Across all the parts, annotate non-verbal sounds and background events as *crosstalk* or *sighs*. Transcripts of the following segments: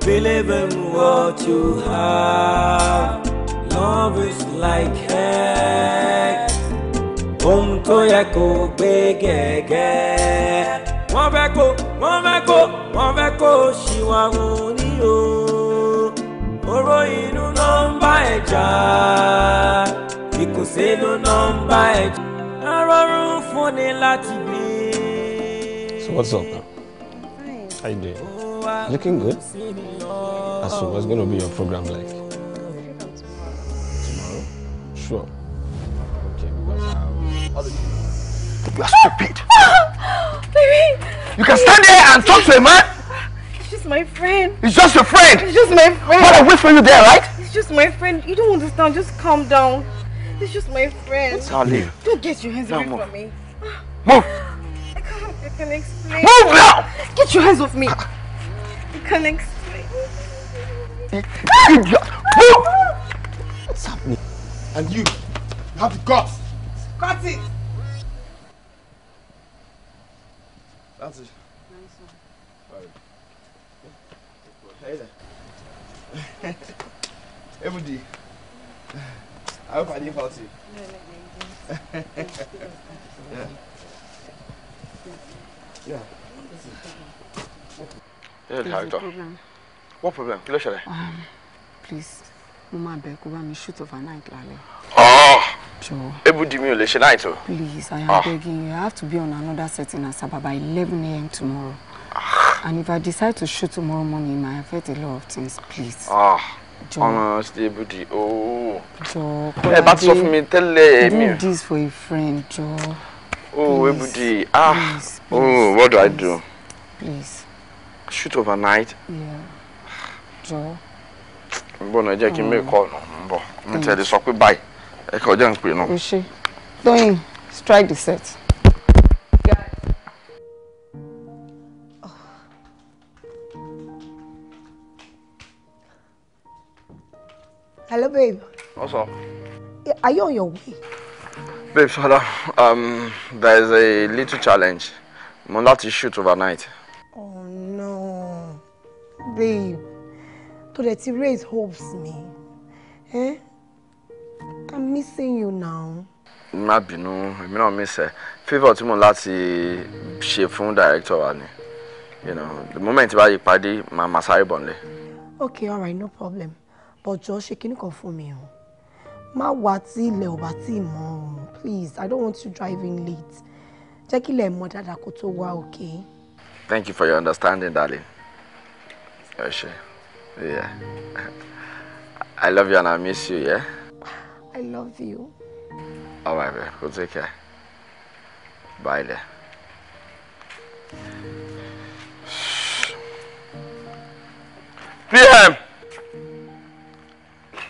Believe in what you have. Love is like heck. Ohun tó yẹ kó gbé gẹ̀gẹ́. ọ̀run ni o oró inú ló ń bá ẹ̀jà ìkùnsínú ló ń bá ẹ̀jà arọ́rùn fún ni láti bí. So what's up now? How you doing? Looking good? And so what's gonna be your program like? Tomorrow? Sure. Okay, You are stupid! Baby! You can stand there and talk to a man It's just your friend. It's just my friend. But I wait for you there, right? It's just my friend. You don't understand. Just calm down. It's just my friend. Sally. Don't get your hands away from me. Move. I can't. I can explain. Move now. Get your hands off me. Ah. I can explain. Move. What's happening? And you, you have the guts what problem kí ló ṣẹlẹ̀. Ah, please Mama, máa bẹ̀ kó bá mi shoot overnight lálẹ́. Oh. jọ̀wọ́ Ebu mi ò lè night o. please i am oh. begging you i have to be on another setting as about by 11 a.m. tomorrow ah. and if i decide to shoot tomorrow morning it might affect a lot of things please. Ah. Jọ̀ọ́ ọ̀nà ṣe ebudi ooo. Oh. jọ̀ọ́ kọ́ládé ẹ bá me. sọ fún mi tẹ́lẹ̀ do this for a friend Joe. oh ebudi ah please, please, oh what do please, i do. please. shoot overnight. Yeah jọ̀ọ́. n náà jẹ́ kí n mẹ́ kọ́ ọ̀nà n bọ̀ n tẹ̀lé sọ pé báyìí ẹ kọ́ jẹ́ n pè náà. ṣe Tóyìn strike the set. Hello, babe. What's up? are you on your way? Babe, Father, um, there is a little challenge. Mo láti shoot overnight. Oh no, babe kò dẹ̀ raise hopes me, Eh? I'm missing you now. Má bínú, èmi náà miss ẹ. Favour tí mo láti ṣe fún director wa ni. You know, the moment bá yí pàdé, màá máa sáré bọ̀nlé. Okay, all right, no problem. But jọ ṣe kíní kan fún mi o. Má wá tí ilẹ̀ ò bá tí mọ́ Please, I don't want you driving late. Jẹ́ kí ilẹ̀ mọ́ dáadáa kó tó wá, okay? Thank you for your understanding, darling. Ẹ Sure. Yeah. I love you and I miss you, yeah? I love you. All right, babe. Go take care. Bye there. PM!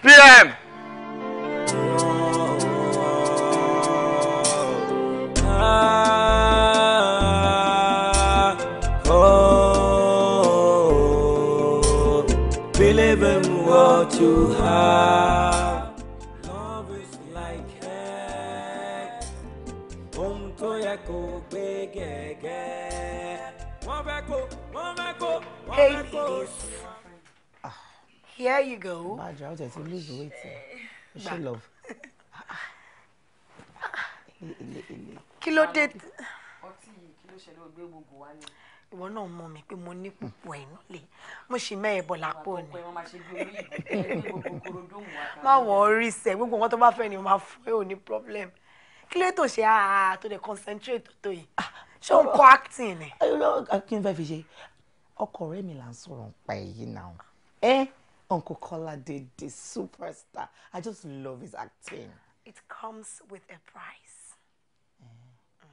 PM! you have. Love is like heck. Ohun tó yẹ kó gbé gẹ́gẹ́. Wọ́n fẹ́ ah. Here you go. My how is to lose weight? You love. Kí ló ìwọ náà mọ̀ mí pé mo ní púpọ̀ ẹnu lè mo sì mẹ́ẹ̀ bọ̀ lápò ni. má wọ orí sẹ gbogbo nǹkan tó bá fẹ́ ni mo máa fún ẹ ò ní problem kí lè tó ṣe àá ah, tó lè concentrate tó tó yìí ah, ṣé ó ń kọ́ acting ni. kí n fẹ́ fi ṣe ọkọ ọ̀rẹ́ mi là ń sọ̀rọ̀ ń èyí náà ẹ Uncle Kolade the superstar I just love his acting. It comes with a price. Mm.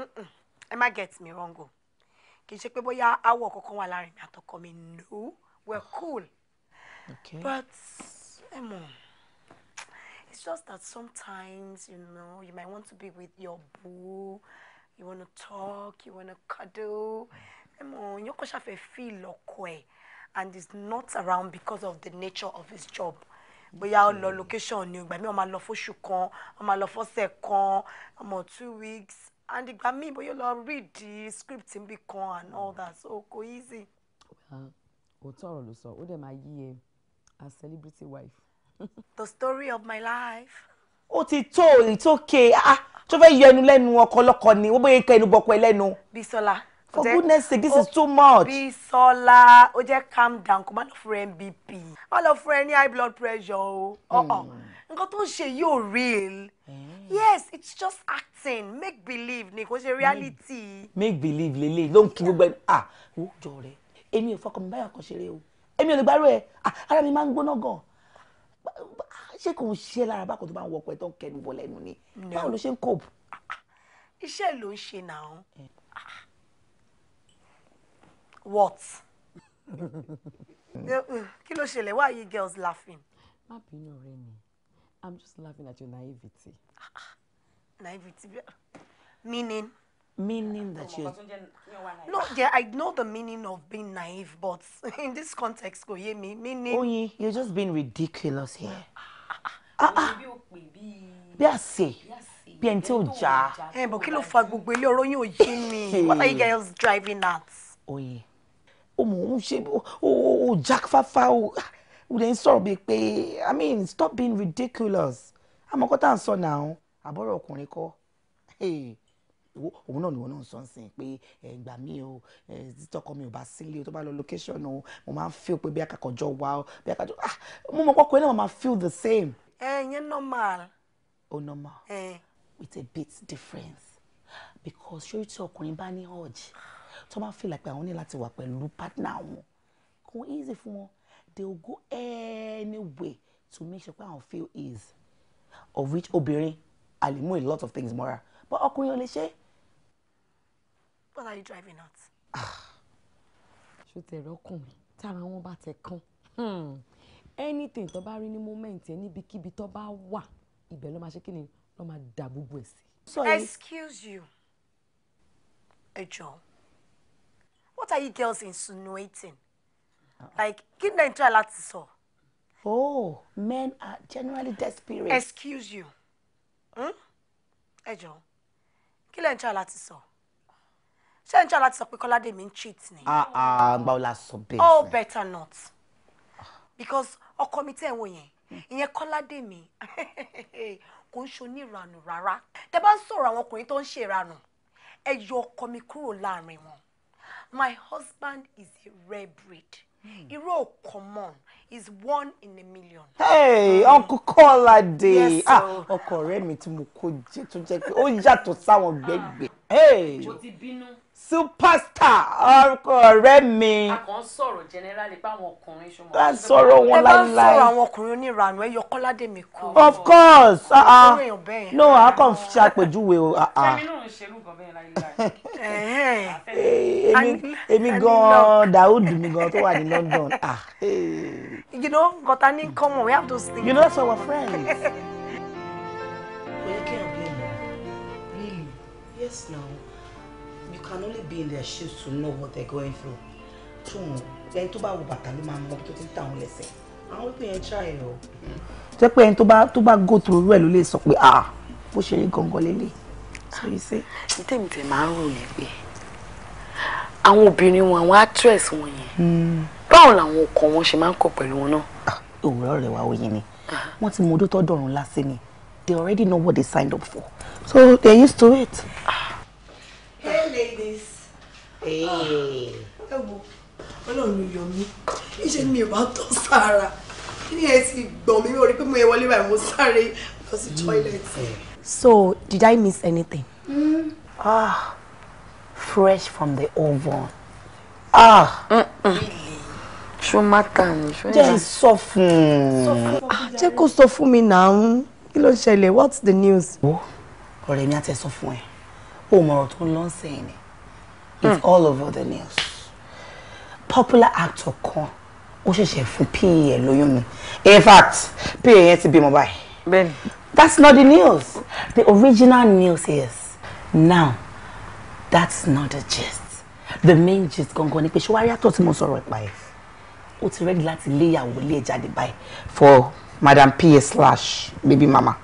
Mm -mm ẹ má get me wrong o kì í ṣe pé bóyá awọ kankan wà láàrin mi àtọkọ mi no we're cool okay. but ẹ mọ it's just that sometimes you know you might want to be with your boo you wanna talk you wanna cuddle ẹ mọ yín kò ṣàfẹ́ feel ọkọ ẹ and he's not around because of the nature of his job bóyá ó lọ location ni ìgbà mi ó máa lọ fóṣù kan ó máa lọ fọ́sẹ̀ kan ọmọ two weeks and ìgbà míì bóyá lọ read the script nbí kan and all mm. that so kò easy. òótọ́ ọ̀rọ̀ ló sọ ó dẹ̀ máa yí ẹ a celebrity wife. *laughs* the story of my life. ó ti tó it's okay ah, ah tó fẹ́ yọ ẹnu lẹ́nu ọkọ lọ́kọ ni ó bóyá kẹ́ ẹnu bọ́kọ ẹ lẹ́nu. Bisola. for goodness sake this oh, is too much. Bisola ó jẹ́ calm down kó má lọ fún ẹ nbp má lọ fún ẹ ní high blood pressure o hmm. nǹkan tó ń ṣe yóò real. Mm yes it's just acting make believe ni kò ṣe reality. make believe lele ló ń kí gbogbo ẹni ah wò jọ rẹ èmi ò fọkàn mi báyọ̀ kan ṣeré o èmi ò lè gbárù ẹ ah, ara mi máa ń gbóná gan ṣé kò ń ṣe lára bákan tó bá ń wọkọ ẹ tó ń kẹnu bọ̀ lẹ́nu ni báwo ló ṣe ń cope. iṣẹ́ ló ń ṣe náà eh. what *laughs* eh, eh, kí ló ṣẹlẹ̀ why are you girls laughing. má bínú rẹ ni. I'm just laughing at your naivety. *laughs* naivety? Meaning? Meaning that you're... No, yeah, I know the meaning of being naive, but *laughs* in this context, go hear me. meaning... Oyin, you're just being ridiculous here. Ah, ah. ah. ah, ah. Bí àsè, bí ẹni tí ò já. Ẹ bọ̀ kí ló fa gbogbo ilé ọ̀rọ̀ yín ò yé mi? *laughs* What are you guys driving at? Oyin, o mò ń ṣe o jack fafa o. We lè ń sọ̀rọ̀ bíi i mean stop being ridiculous àmọ́kọ́ tá à ń sọ náà àbọ̀rọ̀ ọkùnrin kọ́ òun náà ni wọn náà ń sọ sí pé ẹgbà mi o títọkọ mi ò bá sílé o tó bá lọ location o mo máa ń feel pé bí akàkọjọ wa o bí akàkọjọ ah mo mọ pọkùnrin náà máa feel the same. ẹ yẹn normal. o normal with a bit difference because ṣé tí ọkùnrin bá ní urge tó máa feel like pé àwọn ní láti wà pẹ̀lú partner wọn kò easy fún wọn they will go anywhere to make sure pé àwọn feel is of which obìnrin a lè mú a lot of things mọ́ra but ọkùnrin ò lè ṣe. what are you driving at. *sighs* ṣó tẹ̀ rọ́kùnrin tára wọn bá tẹ̀ kán hmm. anything tó bá rí ní moment yẹn níbikíbi tó bá wà ibẹ̀ ló máa ṣe kí ni ló máa dà gbogbo ẹ̀ sí. excuse you ẹ what are you girls insinuating Uh-uh. like kí ni nàìjíríà láti sọ. oh men are generally desperate. excuse you hmm? ẹ jọ kí lẹ́yìn tí a láti sọ ṣé ẹ̀yìn tí láti sọ pé kọ́ládé mi ń cheat ni. àgbà ah, ah, ò la sọ bẹ́ẹ̀. oh better not because ọkọ mi tẹ̀ wọ yẹn ìyẹn kọ́ládé mi *laughs* kò ń ṣoní ìranù rárá tẹ bá ń sọ̀rọ̀ àwọn ọkùnrin tó ń ṣe ìranù ẹ yọ ọkọ mi kúrò láàrin wọn my husband is a rare breed Hmm. irú ò common is one in a million. hey hmm. uncle Kọ́ládé yes, ah ọkọ ọ̀rẹ́ mi tí mo kó jẹ tó jẹ́ pé ó yàtọ̀ sáwọn gbẹ̀gbẹ̀. Ah. mo ti bínú superstar ọkọ ọ̀rẹ́ mi. a kàn ń sọ̀rọ̀ generally báwọn ọkùnrin ṣùgbọ́n. a sọ̀rọ̀ wọn láíláí. ẹ bá ń sọ̀rọ̀ àwọn ọkùnrin onírànú ẹ yọ Kọ́ládé mi kú. of course uh -uh. no a kàn ṣe àpèjúwe o. sẹ́mi ah, náà ń ṣerú gan bẹ́ẹ̀ láíláí. Eh, èmi gan-an Daoud mi gan-an tó wà ní London. *laughs* Eh. you know nǹkan ta ní in common we have those things. you know so our friends. *laughs* yes now can only be in their shoes to know what they're going through tún ẹni tó bá wo bàtà ló máa mọ tó ti ń ta àwọn lẹ́sẹ̀ àwọn pé yẹn ṣá ẹ o. jẹ́ pé ẹni tó bá go through rẹ̀ ló lè sọ pé ah bó ṣe rí gangan lélẹ̀ so you say. tèmi tèmi máa ń rò ní pé àwọn obìnrin wọn àwọn actress wọn yẹn hmm. báwo làwọn ọkọ wọn ṣe máa ń kọ pẹ̀lú wọn náà. Ah, òwúrọ̀ rẹ̀ wá oyin ni wọ́n ti mú odó tó dọ̀rùn lásìí ni they already know what they signed up for so they used to it. Ah ẹ wo ọlọ́run yọ mí níṣẹ́ ni mi ò bá tọ́ sára kí ẹ sì gbọ̀n mi orí pé mo yẹ wọlé báyìí mo sáré lọ sí mm. tọ́ílẹ̀tì. So, did I miss anything? Mm. Ah, fresh from the oven. Ah, ṣomatan ṣoyà. jẹ́ sọ fún un. Ah, jẹ́ kó sọ fún mi náà kí ló ṣẹlẹ̀ what's the news. ọ̀rẹ́ mi á tẹ sọ fún ẹ o mọ̀ ọ̀rọ̀ tó ń lọ́sẹ̀ yẹn ni it's hmm. all over the news popular actor kan ó ṣẹ̀ṣẹ̀ fún pa ẹ̀ lóyún ni in fact pa yẹn ti bímọ báyìí. bẹ́ẹ̀ni. that's not the news the original news is now that's not the gist the main gist gangan ni pé ṣé wàá rí àtọ̀ tí mo sọ̀rọ̀ ìpa ẹ̀ ó ti rẹ́dí láti lé ìyàwó lé ẹ̀ jáde báyìí for madam pa slash baby mama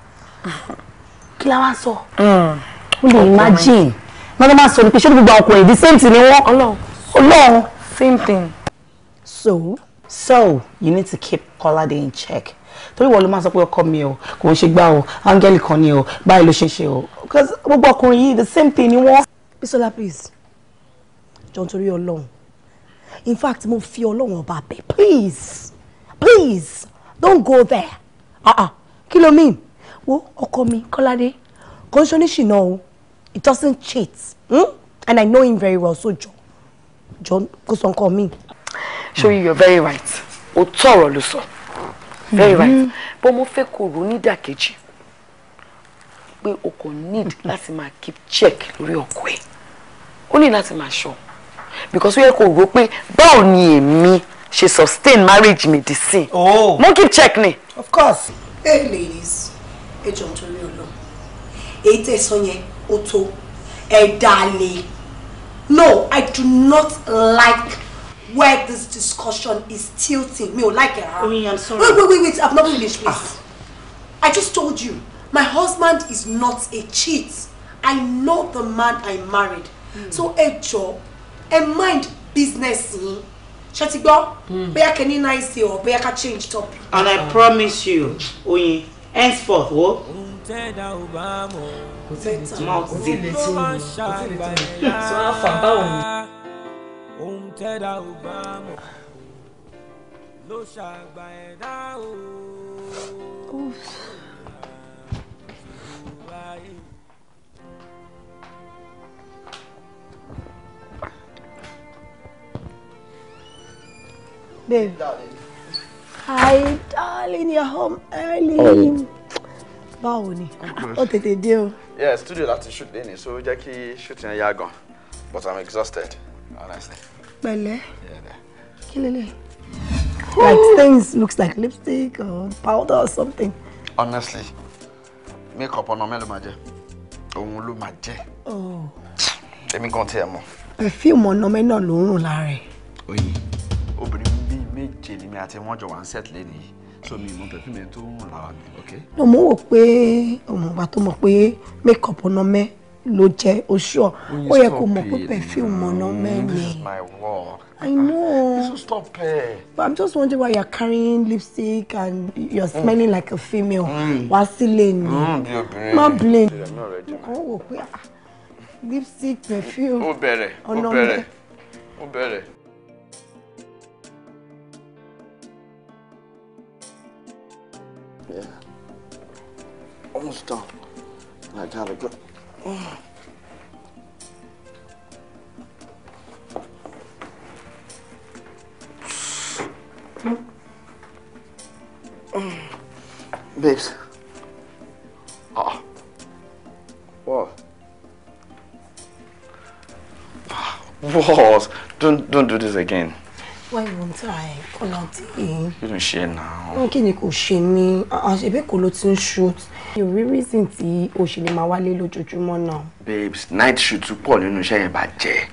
*laughs* kí la wá sọ hmm. ó lè imagine mọ́tò máa sọ ní pé ṣé gbogbo ọkùnrin the same thing ni wọ́n. ọlọ́run same thing. so so you need to keep Kọ́ládé in check torí wọ́n ló máa sọ pé ọkọ mi o kò ń ṣe o áńgẹ́lì kan ni o báyìí ló ṣe ṣe o because gbogbo ọkùnrin yìí the same thing ni wọ́n. Bisola please jọ̀ọ́ torí ọlọ́run in fact mo fi ọlọ́run ọba bẹ̀ please please don't go there ah ah kí ló mean wo ọkọ mi Kọ́ládé kò ń ṣe oníṣìná o he doesn't cheat hmm? and I know him very well so John, jọ kó sọ nǹkan mi. sori you you're very right Otoro, tọrọ very right mm-hmm. But mo fẹ́ kó ro nídàkejì pé o kò need mm-hmm. láti máa keep check lórí ọkọ ẹ o ní láti máa ṣọ́ because we yẹ kó ro pé báwo ni èmi ṣe sustain marriage mi di oh. mo keep check ni. of course. hey ladies ẹ jọ̀ọ́ nítorí ọlọ́run èyí tẹ̀ sọ yẹn Oto, tó ẹ no i do not like where this discussion is tilting Me, like it rárá oyin i'm sorry wait wait wait wait i've not finished please ah. i just told you my husband is not a cheat i know the man i married mm. so a job, a mind business yín ṣe ti gbọ́ hmm. bóyá kẹ́ni nice day or bóyá can change topic. and i promise you oyin henceforth wo. Oh, kò Babe. Darling. Hi, darling, you're home early. Báwo ni? Ó tètè dé o yeah studio láti shoot lẹ́ni so jẹ́ kí shooting yẹn yá gan but i'm exhausted honestly. pẹ̀lẹ́ kí lélẹ̀ like things looks like lipstick or powder or something. honestly makeup ọ̀nà mélòó máa jẹ òun ló máa jẹ oh. èmi gan tiẹ̀ mọ̀. perfume ọ̀nà mẹ́nà ló ń rùn lára ẹ̀. oye obìnrin bíi méje ni mi àti wọn jọ wà ń set lẹ́nu yìí so mi mọ pẹ̀fúmù yẹn tó ń ràn mi no mo wò pé ọmọọba tó mọ̀ pé make up ọ̀nà mẹ́ ló jẹ́ oṣù ó yẹ kó mọ̀ pé pẹ̀fúmù ọ̀nà mm, mẹ́ ni. I know. You should stop her. But I'm just wondering why you're carrying lipstick and you're mm. smelling mm. like a female. Mm. Wá Mm, blame. I'm not ready. Ah, lipstick perfume. Oh, better. Ó bẹ̀rẹ̀. Ó bẹ̀rẹ̀. almost done. I gotta go. Oh. Babes. Ah. Oh. What? Ah, Walls. Don't don't do this again. Why wọn I a ẹ̀ You don't share now. kí ló ń ṣe náà. wọn kì ní kò ṣe ní àṣebí kò ló ti ń shoot. you rí reason tí o ṣe lè máa wálé lójoojúmọ́ babes night shoot Paul. You pọ̀ share iṣẹ́ yẹn I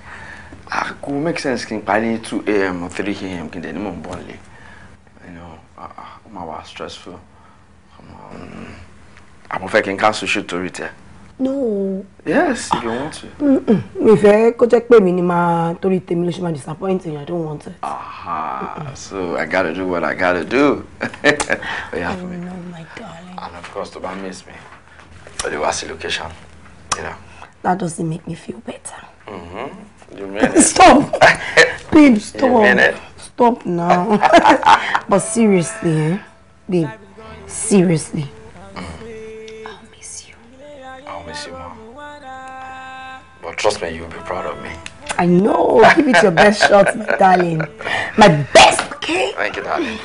ah, kò make sense kí n parí two a.m. or three a.m. kí n dẹ̀ ní mò ń bọ̀ nílé ah, ah, ó máa wà stressful àmọ́ fẹ́ kí n ká sùn shoot torí tẹ̀ no. yes if you want to. Mm mm. If jẹ́ go check ni máa torí tèmi ló ṣe máa disappoint i don't want it. aha mm -mm. so i gotta do what i gotta do. oya *laughs* oh, fún mi. no oh my darling. and of course tó miss me but it was the location. You know. that doesn't make me feel better. Mm -hmm. You mean *laughs* it? stop babe stop *laughs* you mean it? stop now but seriously eh? babe seriously. Mm. I'll you, Mom. But trust me, you'll be proud of me. I know. Give it your best shot, darling. My best, okay? Thank you, darling.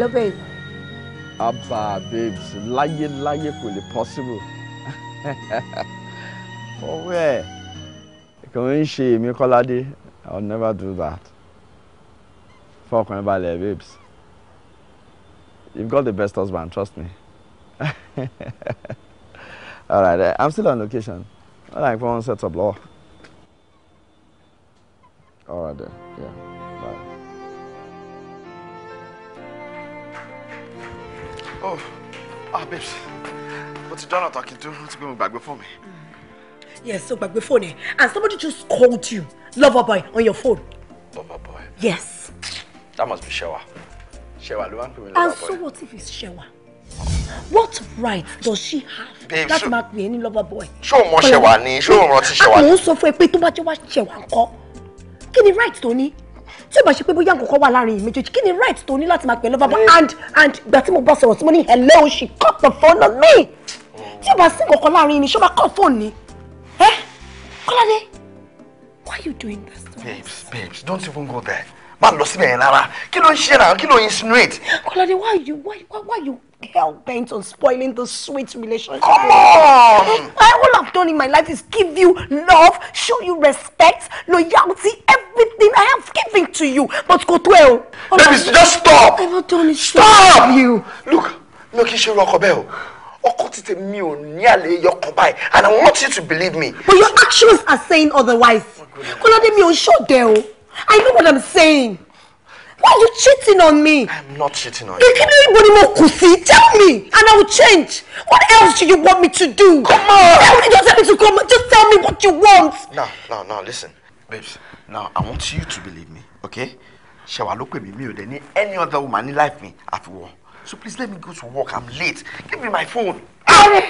hello babe. abba babes láyéláyé kò lè possible ọwọ́ ẹ̀ Come in, she, èmi kọ́ládé i will never do that Fuck fọkàn balẹ̀ babes you've got the best husband trust me *laughs* all right i'm still on location all right if i wan set up law all right then yeah. oh ah babes mo ti dáná tàkì tó ti gbé mo gbàgbé fún yes so back before me, and somebody just called you lover boy on your phone. lover boy. yes. that must be Shewa Shewa ló máa ń pè mí lover boy. and so what if it's Shewa. What right does she have? Babe, that mark me any lover boy. Show more Shewa, Ṣẹ̀wá ni? Ṣé o rántí Ṣẹ̀wá ah, ni? Àwọn sọ fún ẹ pé tó Shewa jẹ́ wá Ṣẹ̀wá ńkọ́. right tó tí ìbá ṣe pé bóyá nǹkan kan wà láàrin yìí méjèèjì kí ni right tó ní láti máa pè lọ́fà bọ́ and and ìgbà tí mo bá sọ̀rọ̀ tí mo ní hello she cut the phone on me tí ìbá sí nǹkan kan láàrin yìí ni ṣé ó máa cut phone ni ẹ Kọ́ládé why you doing this to me. babes babes don't even go there má lọ síbẹ̀ yẹn rárá kí ló ń ṣe náà kí ló ń insinuate. Kọ́ládé why you why why, why you hell bent on spoiling this sweet relationship. Come on! all I've done in my life is give you love, show you respect, loyalty, everything I have given to you. But go to hell. Baby, just stop! I've not done it. Stop! You. Look, look, Ishiro Kobel. ọkọ ti tẹ mi ò ní and I want you to believe me. But your actions are saying otherwise. Oh Kọ́ládé mi ò ń ṣọ̀dẹ̀ I know what I'm saying. Why are you cheating on me? I'm not cheating on you. anybody more kusi? tell me, and I will change. What else do you want me to do? Come on! Tell me, just tell me to come. Just tell me what you want. No, no, no. listen, babes. Now, I want you to believe me, okay? Ṣẹ̀wá ló pè mí mi ò dẹ̀ any other woman ní life at àfiwọ́. So please let me go to work. I'm late. Give me my phone. Kọ́ládé,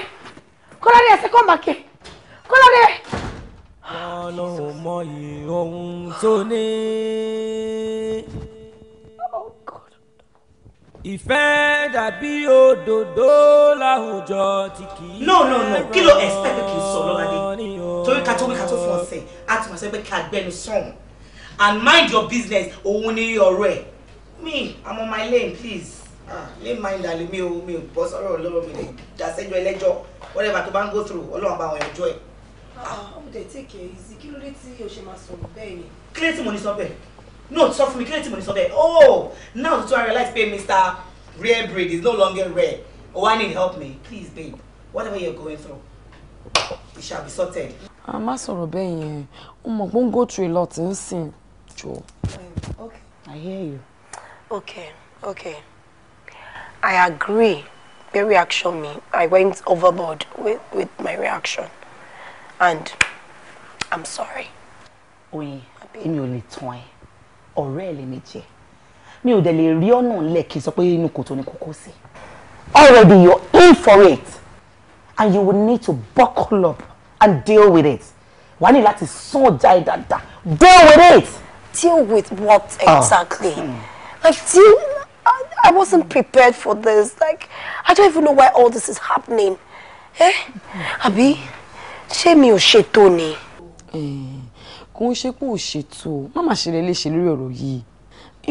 Kọ́ládé, ẹsẹ̀ kọ́ màkẹ́. Kọ́ládé. Ọlọ́run mọyì ohun tó ní ìfẹ́ dàbí òdòdó láwùjọ tí kì í. no no no kí ló expect pé kì í sọ lọ́ládé torí ká tó wí ká tó fún ọ̀sẹ̀ á ti mọ̀ sẹ́ pé ká gbẹnu sọ̀hún and mind your business òun ni ọ̀rọ̀ ẹ̀ me i'm on my lane please ah mind àlè mi ò mi ò bọ́ sọ́rọ̀ ọlọ́rọ̀ mi lè dàsẹ́jọ́ ẹlẹ́jọ́ whatever tó bá go through ọlọ́run bá wọn ẹjọ́ ẹ̀. ọmọdé take it easy kí ló dé tí o ṣe máa sọ̀rọ̀ bẹ́ẹ̀ ni. kí ló dé tí ní sọ bẹ́ẹ̀ no sọ fún mi kí lè tí mo oh now the i realize pay, mr rare breed is no longer rare oh i need help me please babe whatever you're going through it shall be sorted. I'm ah, má sọ̀rọ̀ bẹ́ẹ̀ yẹn go through a lot ń sìn jọ. Um, okay i hear you. okay okay i agree pé reaction me, i went overboard with with my reaction and i'm sorry. oyin in your little tán ọ̀rẹ́ ẹ̀ lèmi jẹ́ mi ò dẹ̀ lè rí ọ̀nà ńlẹ̀ kí n sọ pé inú kòtò ni kókó sí. already you're in for it and you will need to buckle up and deal with it wà á ní láti sún ọjà ẹ̀ dáadáa deal with it. deal with what ah. exactly oh. like deal I, I wasn't prepared for this like I don't even know why all this is happening eh Abi? ṣé mi ò ṣètò ni. Mm kò ń ṣe pé ò ṣètò má má ṣe léṣe lórí ọ̀rọ̀ yìí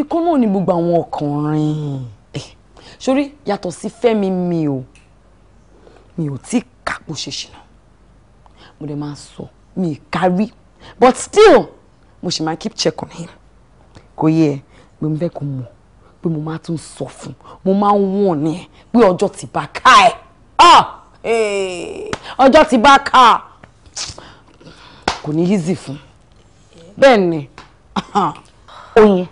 ikán náà ni gbogbo àwọn ọkùnrin eh, sórí yàtọ̀ sí fẹ́mi mi o mi ò tí kàpò ṣe ṣìnà mo dẹ̀ máa sọ mi kárí but still mo ṣì máa keep check on him kò yẹ pé mo fẹ́ kó mọ̀ pé mo máa tún sọ fún mo máa ń wọ̀n ni pé ọjọ́ ti bá ká ẹ̀ ah! eh, ọjọ́ ti bá ká kò ní easy fún un bẹ́ẹ̀ ni oyin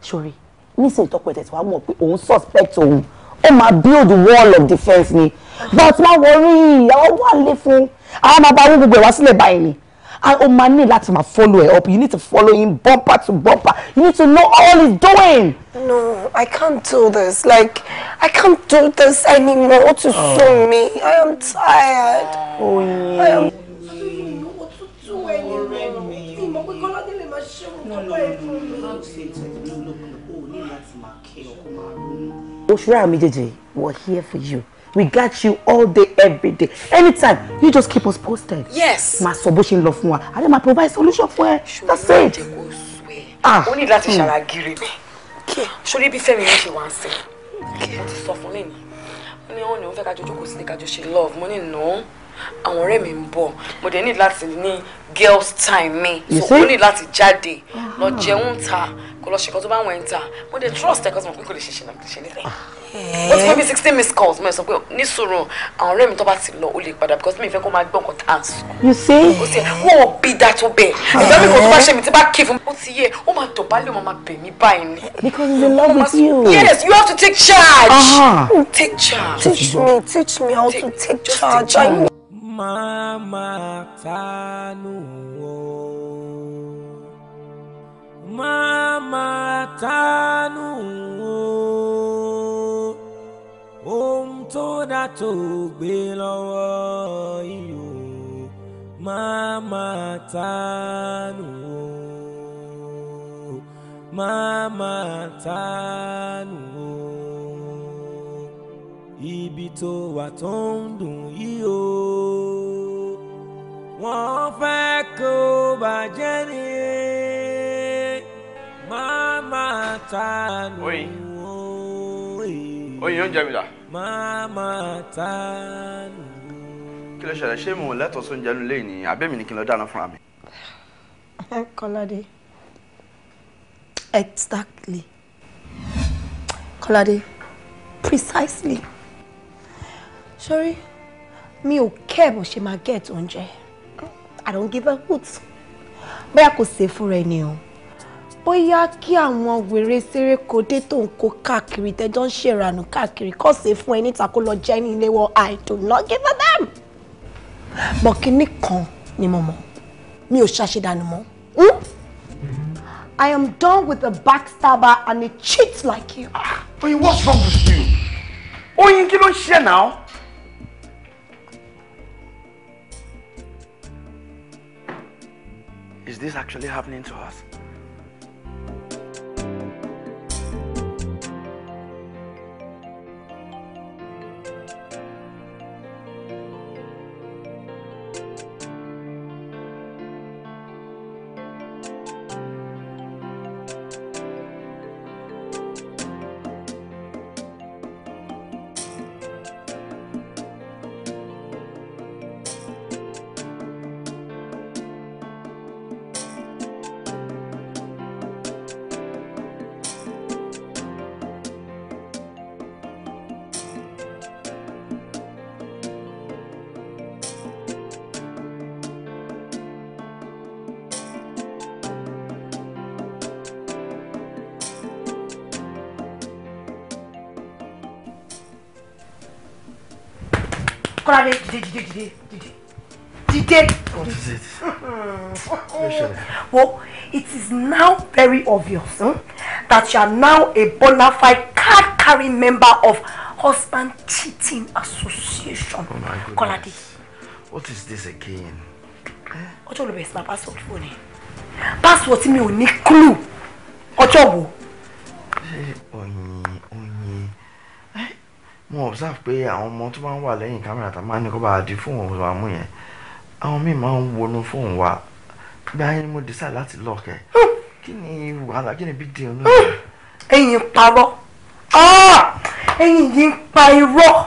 sori nísìnyí tọpẹ tẹsí wàá mọ̀ pé òun suspect òun ó máa build wall of defence ni but má wọrí àwọn wà lé fún àwọn máa bá owó gbogbo ẹ̀ wá sílẹ̀ báyìí ni o máa ní láti máa follow ẹ up you need to follow him bumper to bumper you need to know all he's doing. no i can't do this like i can't do this anymore ó ti sú mi i am tired. Oh, yeah. I am tired. Oshura Amijeje, we're here for you. We got you all day, every day. Anytime, you just keep us posted. Yes. Máa sọ love ṣe and lọ I ma provide solution for her. That's it. Ah. Only Ó ní láti hmm. ṣàlàgìrì mi. Ṣorí bí Fẹ́mi ṣe wá ń sìn. Mo ti sọ fún lẹ́yìn. Ó only òun ni òun fẹ́ kájọ jókòó sílé kájọ ṣe love. Mo ní nà àwọn ọ̀rẹ́ mi ń bọ̀ mo dẹ̀ ní láti ní girls time mi so only ní láti jáde lọ ah. jẹun ta kò lọ ṣèkọ́ tó bá wọn ta mo dey trust ẹ̀ kọ́ sọ pé kò lè ṣe ṣẹlẹ̀ kò lè ṣe nílẹ̀ ó ti fẹ́ mi sixteen miss calls mo sọ pé ní sòrò àwọn ọ̀rẹ́ mi tó bá ti lọ ó lè padà because mi ìfẹ́ kó máa gbọ́ nǹkan tá à you see. ó ti wọ́n ò bí da tó mi kò tó bá eh. ṣe mi ti bá kí fún mi ó ti yẹ ó máa dọ̀bálẹ̀ ó máa bẹ̀ mí báyìí ni. because he's in love with you. yes you have to take charge. Uh-huh. take charge. teach me teach me how take, to take charge. Take charge. mama tanu o máa tánú o ohun tó dá tó gbé lọ́wọ́ iyò máa máa tánú o máa tánú o ibi tó wà tó ń dùn yìí o wọ́n fẹ́ kó bàjẹ́ nìyẹn. Mama Tanu. Oyin. Oyin oúnjẹ mi dà. Mama Tanu. Kí ló ṣẹlẹ̀ ṣé mo lẹ́tọ̀ọ́ sóúnjẹ nílé ni àbẹ́mi ni kí n lọ dáná fúnra mi? Eh, Kọ́ládé. Exactly. Kọ́ládé. Precisely. Sorry, mi ò care bó ṣe máa get oúnjẹ. I don't give a hoot. Bóyá kò sè fúnra ẹni o bóyá kí àwọn wèrè ṣeré kò dé tó ń kó káàkiri tẹjọ ń ṣèrànù káàkiri kọ́ sí fún ẹ níta kó lọ jẹ́ ní ilé wọn I do not give a damn. bọ̀ kínní kan ni mo mọ̀ mi ò ṣàṣedànù mọ́. Hmm? I am done with a backstabber and a cheat like you. Oyin, what's wrong with you? Oyin, kí ló ń ṣe náà? Is this actually happening to us? Kọ́ládé dìde dìde dìde dìde dìde. What is it? Well, it is now very obvious hmm, that you are now a bona fide card-carrying member of Husband Cheating Association. Oh my goodness. Kọ́ládé. What is this again? Ọjọ́ olùbẹ̀sìn na password fún Password mi ò ní clue. Ọjọ́ mo observe pé àwọn ọmọ tó máa ń wà lẹ́yìn kámẹ́rà tá a máa ní kó bá a di fóònù wa mú yẹn àwọn míì máa ń wọnú fóònù wa bí ayé mo decide láti lọ́ọ̀kẹ́ kí ni wàhálà kí ni bí di ọ̀nà. ẹ̀yin parọ́ ah! ẹ̀yin yìí ń pa irọ́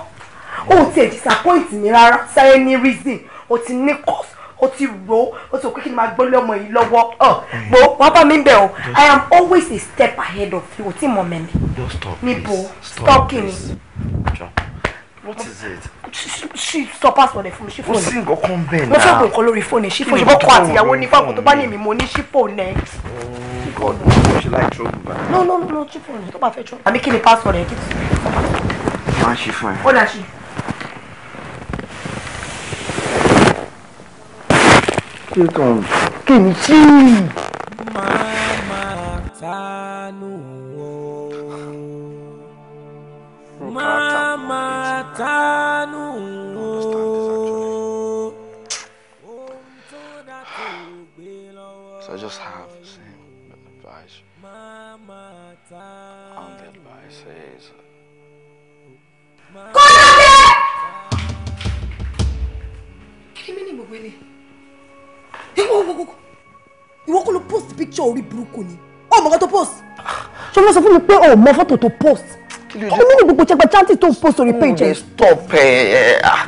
ó ti ẹ̀ disappoint mi rárá sáré ní reason ó ti ní cause o ti ro o ti rò kí ni máa gbọ́ lọ́mọ yìí lọ́wọ́ gbo ah! wàá bá mi bẹ̀ o i am always a step ahead of you o ti mọ̀ mẹ́mi níbo stop kí ni what is it. she surpass ọ̀rẹ́ fún mi ṣí fóònù. ó sì ń kọ́kọ́ bẹ́ẹ̀ náà. mo fẹ́ gùn kan lórí fóònù ṣí fóònù ṣùgbọ́n kọ́ àtìyàwó oh, she like trouble no no no ṣí fóònù tó bá fẹ́ trouble. àbí kí ni pásítọ̀ rẹ̀ kí ti. máa ṣe fún ẹ. ó dà ṣe. kí ni tí. máa máa tánú. Mama Tanu. So I just have the same advice. And the advice is. Come Kọ́lọ́dé! Kí ni gbogbo ilé? Ìwọ kọ́ ló post picture of burúkú ni. Ó mọ̀ kó tó post. Ṣé wọ́n sọ fún mi pé o mọ fọ́tò to post? kí ni gbogbo jẹgbẹ chanti tó ń post orí page. mo stop ẹ ah,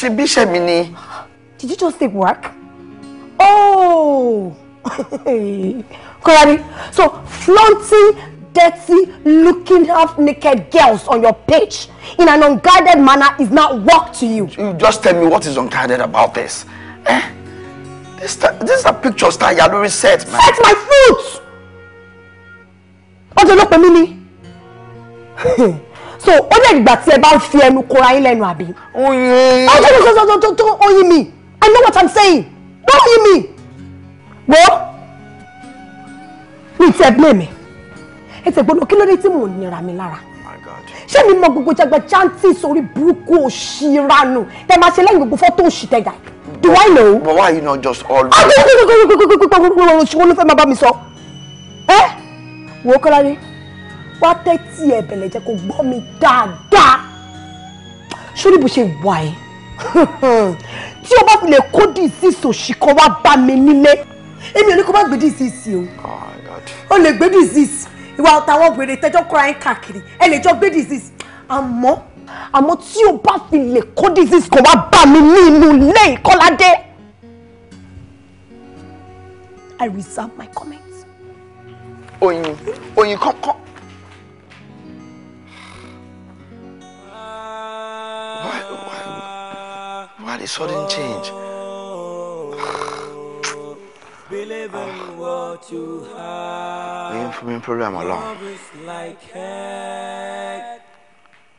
ṣe bí iṣẹ́ mi ni. did you just take work? oh *laughs* Korani so flaunting dirty looking half naked girls on your page in an unguarded manner is not work to you. You just tell me what is unguarded about this. Eh? This, this is a picture star Yalori set, Set my foot! Ọjọ́ ló pè mí ni so ó lè dìgbà tí ẹ bá fi ẹnu kora yín lẹ́nu àbí. oyin. ọjọ́ mi tó tó tó tó oyin mi I know what I'm saying don't oyin mi. wo mi tẹ blé mi ẹ tẹ gbọ́dọ̀ kí ló dé tí mò ń nira mi lára ṣé mi mọ gbogbo jagba janti sórí burúkú òṣìrànù tẹ máa ṣe lẹ́yìn gbogbo fọ́tò òṣì tẹ̀gà do I know. but why you not just all. ọdún gbogbo gbogbo gbogbo gbogbo gbogbo oṣù wo ló fẹ́ máa bá mi sọ ẹ wò ó kọ́lá rí wá tẹ́tí ẹ̀ bẹ̀lẹ̀ jẹ́ kó gbọ́ mi dáadáa sórí bó ṣe wà ẹ́ *laughs* tí o bá fi lè kó dìísí sòṣì kan wá bá mi nílé èmi ò ní kó má gbé dìísí sí o o lè gbé dìísí ìwà àtàwọn wèrè tẹjọ́ kóra ẹ̀ káàkiri ẹ lè jọ gbé dìísí àmọ́ àmọ́ tí o bá fi lè kó disease kan wá bá mi ní inú ilé ìkọ́ládé. I reserve my comment. Oyin Oyin kankan about a sudden change. Believe in what you have. Waiting for me program along. Like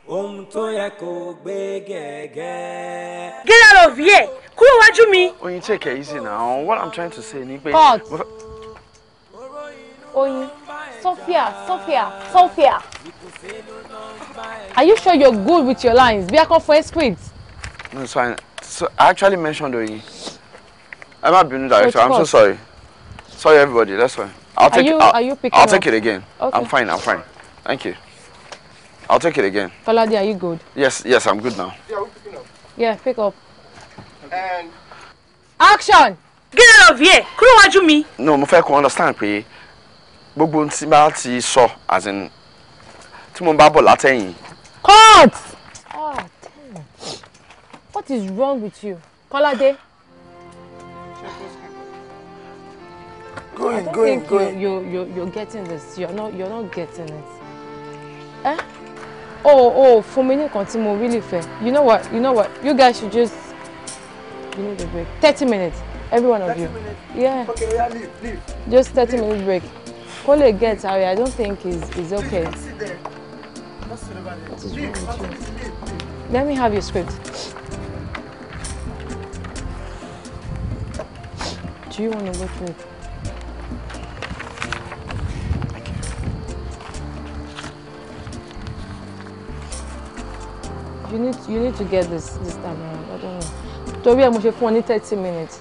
ohun tó yẹ kó gbé gẹ́gẹ́. Get out of here! Kúrò wájú mi. Oyin take it easy now. What I'm trying to say ni pé. Cut. Oyin, Sophia, Sophia, Sophia. Are you sure you're good with your lines? Bí a kan fún ẹ script. No, it's fine. So I actually mentioned Oyi. I'm not being director. I'm so sorry. Sorry, everybody. That's fine. I'll take. you, it, I'll, are you picking I'll take up? it again. Okay. I'm fine. I'm fine. Thank you. I'll take it again. Faladi, are you good? Yes. Yes, I'm good now. Yeah, we're picking up. Yeah, pick up. And action. Get out of here. Kúrò wájú mi. No, mo fẹ́ kó understand pé gbogbo n tí bá ti sọ as in tí mo bá bọ̀ látẹ̀yìn. Cut. What is wrong with you? Kolade? Go in, go in, go in. You're, you're, you're getting this. You're not, you're not getting it. Eh? Oh, oh, for me ní nǹkan really fair. You know what? You know what? You guys should just. You need a break. 30 minutes. Every one of you. Minutes. Yeah. Okay, yeah, leave, leave. Just 30 leave. minutes break. Kole gets out. I don't think is is okay. Sit there. Sit there. What is wrong Let me have your script. Do you want to look at? You need you need to get this this time around. I don't know. Torí ẹ̀ mo ṣe fún ọ thirty minutes.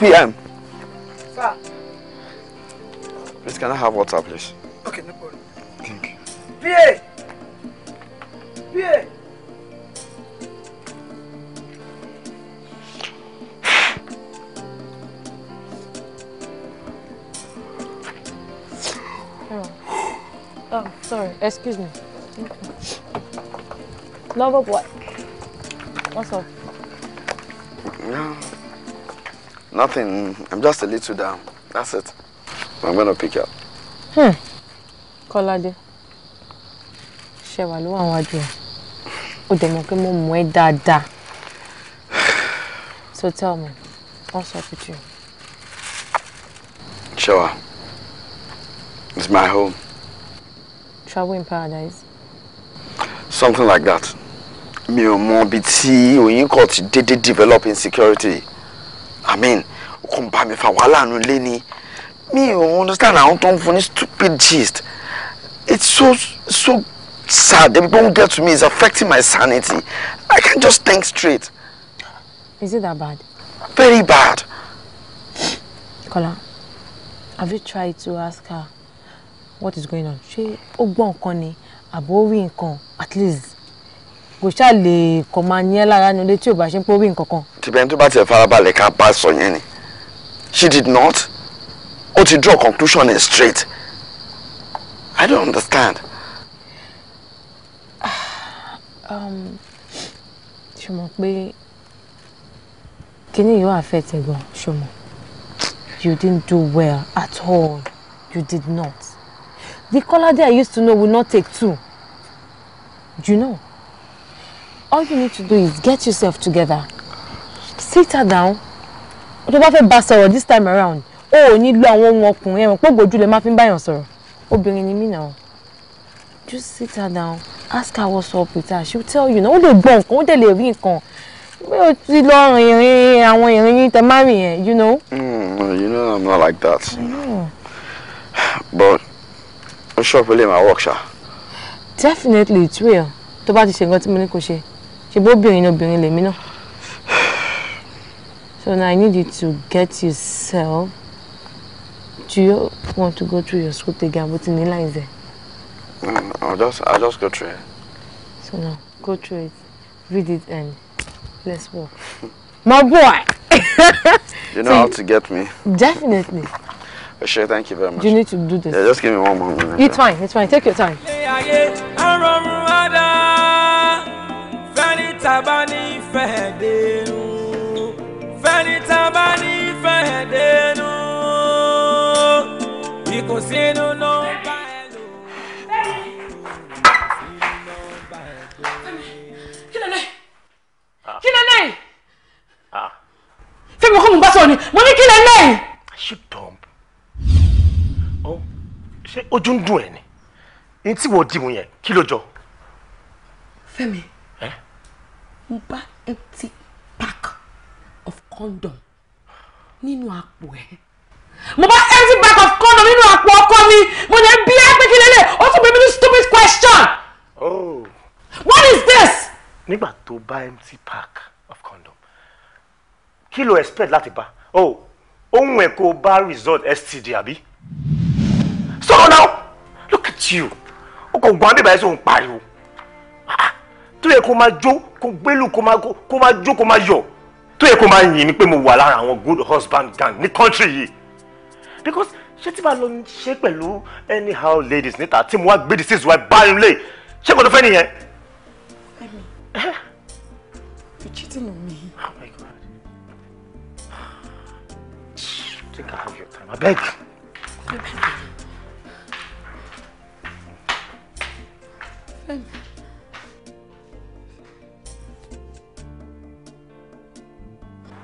PM. Sir. Please, can I have water, please? Okay, no problem pa pa. Oh, sorry. Excuse me. Love of what? What's up? No, nothing. I'm just a little down. That's it. I'm gonna pick up. Hmm. Call Kolade ṣe wà ló wà wájú ẹ dẹ̀ mọ̀ pé mo mọ̀ ẹ́ dáadáa so tell me what's up with you. Sure. It's my home. Travel in paradise? Something like that. Mi ò mọ bí tí oyin kò ti dédé develop insecurity. I mean, ó kàn bá mi fa wàhálà nu lé ni. Mi ò understand àwọn tó ń fún ní stupid gist. It's so so Sir, They don't get to me. It's affecting my sanity. I can't just think straight. Is it that bad? Very bad. Kola, have you tried to ask her what is going on? She, ó gbọ́ nǹkan ni àbí ó at least go ṣáà lè kàn máa ní ẹ́ lára ní ilé tí ò bá ṣe ń pé ó rí nǹkan kan. tìbẹ̀ tó bá ni she did not ó ti draw conclusion straight I don't understand. Um, ṣùgbọ́n pé kíní yóò affect ẹ gan ṣùgbọ́n you didn't do well at all you did not the color Kolade I used to know will not take two you know all you need to do is get yourself together sit her down tó bá fẹ́ bá sọ̀rọ̀ this time around o ò ní lo àwọn ohun ọkùnrin ẹ̀rọ pé gbòjú lè má fi ń báyàn sọ̀rọ̀ obìnrin ni mí náà just sit her down ask her what's up with her she will tell you na ó lè gbọ́ nǹkan ó dẹ̀ lè rí nǹkan bí o ti lọ rìn ìrìn àwọn ìrìn yín tẹ márì yẹn you know. Mm, you know I'm not like that. I but I'm sure pé my máa work ṣá. definitely it will tó bá ti ṣe nǹkan tí mo ní kò ṣe ṣe bó obìnrin ni obìnrin lèmi náà. So now I need you to get yourself. Do you want to go through your school again? What's in the there? Mm, I'll just I'll just go through it. So now go through it, read it, and let's walk. *laughs* My boy. *laughs* you know so how to get me. Definitely. Sure, *laughs* thank you very much. You need to do this. Yeah, just give me one moment. minute. It's fine, it's fine. Take your time. Fẹ́ni tábà ní fẹ̀dẹ́nu, ìkùnsínú náà. mọ́tò ni mo ní kí lè lẹ́yìn. ṣé dọ̀m ọ ṣé ojú ń dùn ẹ ni ní tí wọ́n dìbò yẹn kí ló jọ. Fẹ́mi mo bá empty pack of condom nínú àpò ẹ mo bá empty pack of condom nínú àpò ọkọ mi mo lè bí ẹ pé kí lélẹ̀ ó tún bẹ mi ní stupid question. Oh. What is this? nígbà tó bá empty pack of condom kí lo expect láti bá o oh, ohun ẹ̀ kó bá result std àbí So now, look at you o kò gbọ́n bíbá ẹ̀sùn pariwo ah, tó yẹ kó máa jó kó gbélú kó máa jó kó máa yọ̀ tó yẹ kó máa yìn mí pé mo wà lára àwọn good husband gang ní country yìí because ṣé tí bá lọ ṣe pẹ̀lú anyhow ladies níta tí mo wá gbé the six wife báyìí lè ṣé kò tó fẹ́ nìyẹn. ẹ̀mí you cheating on me. Oh my God. take half of your time. I beg. Femi.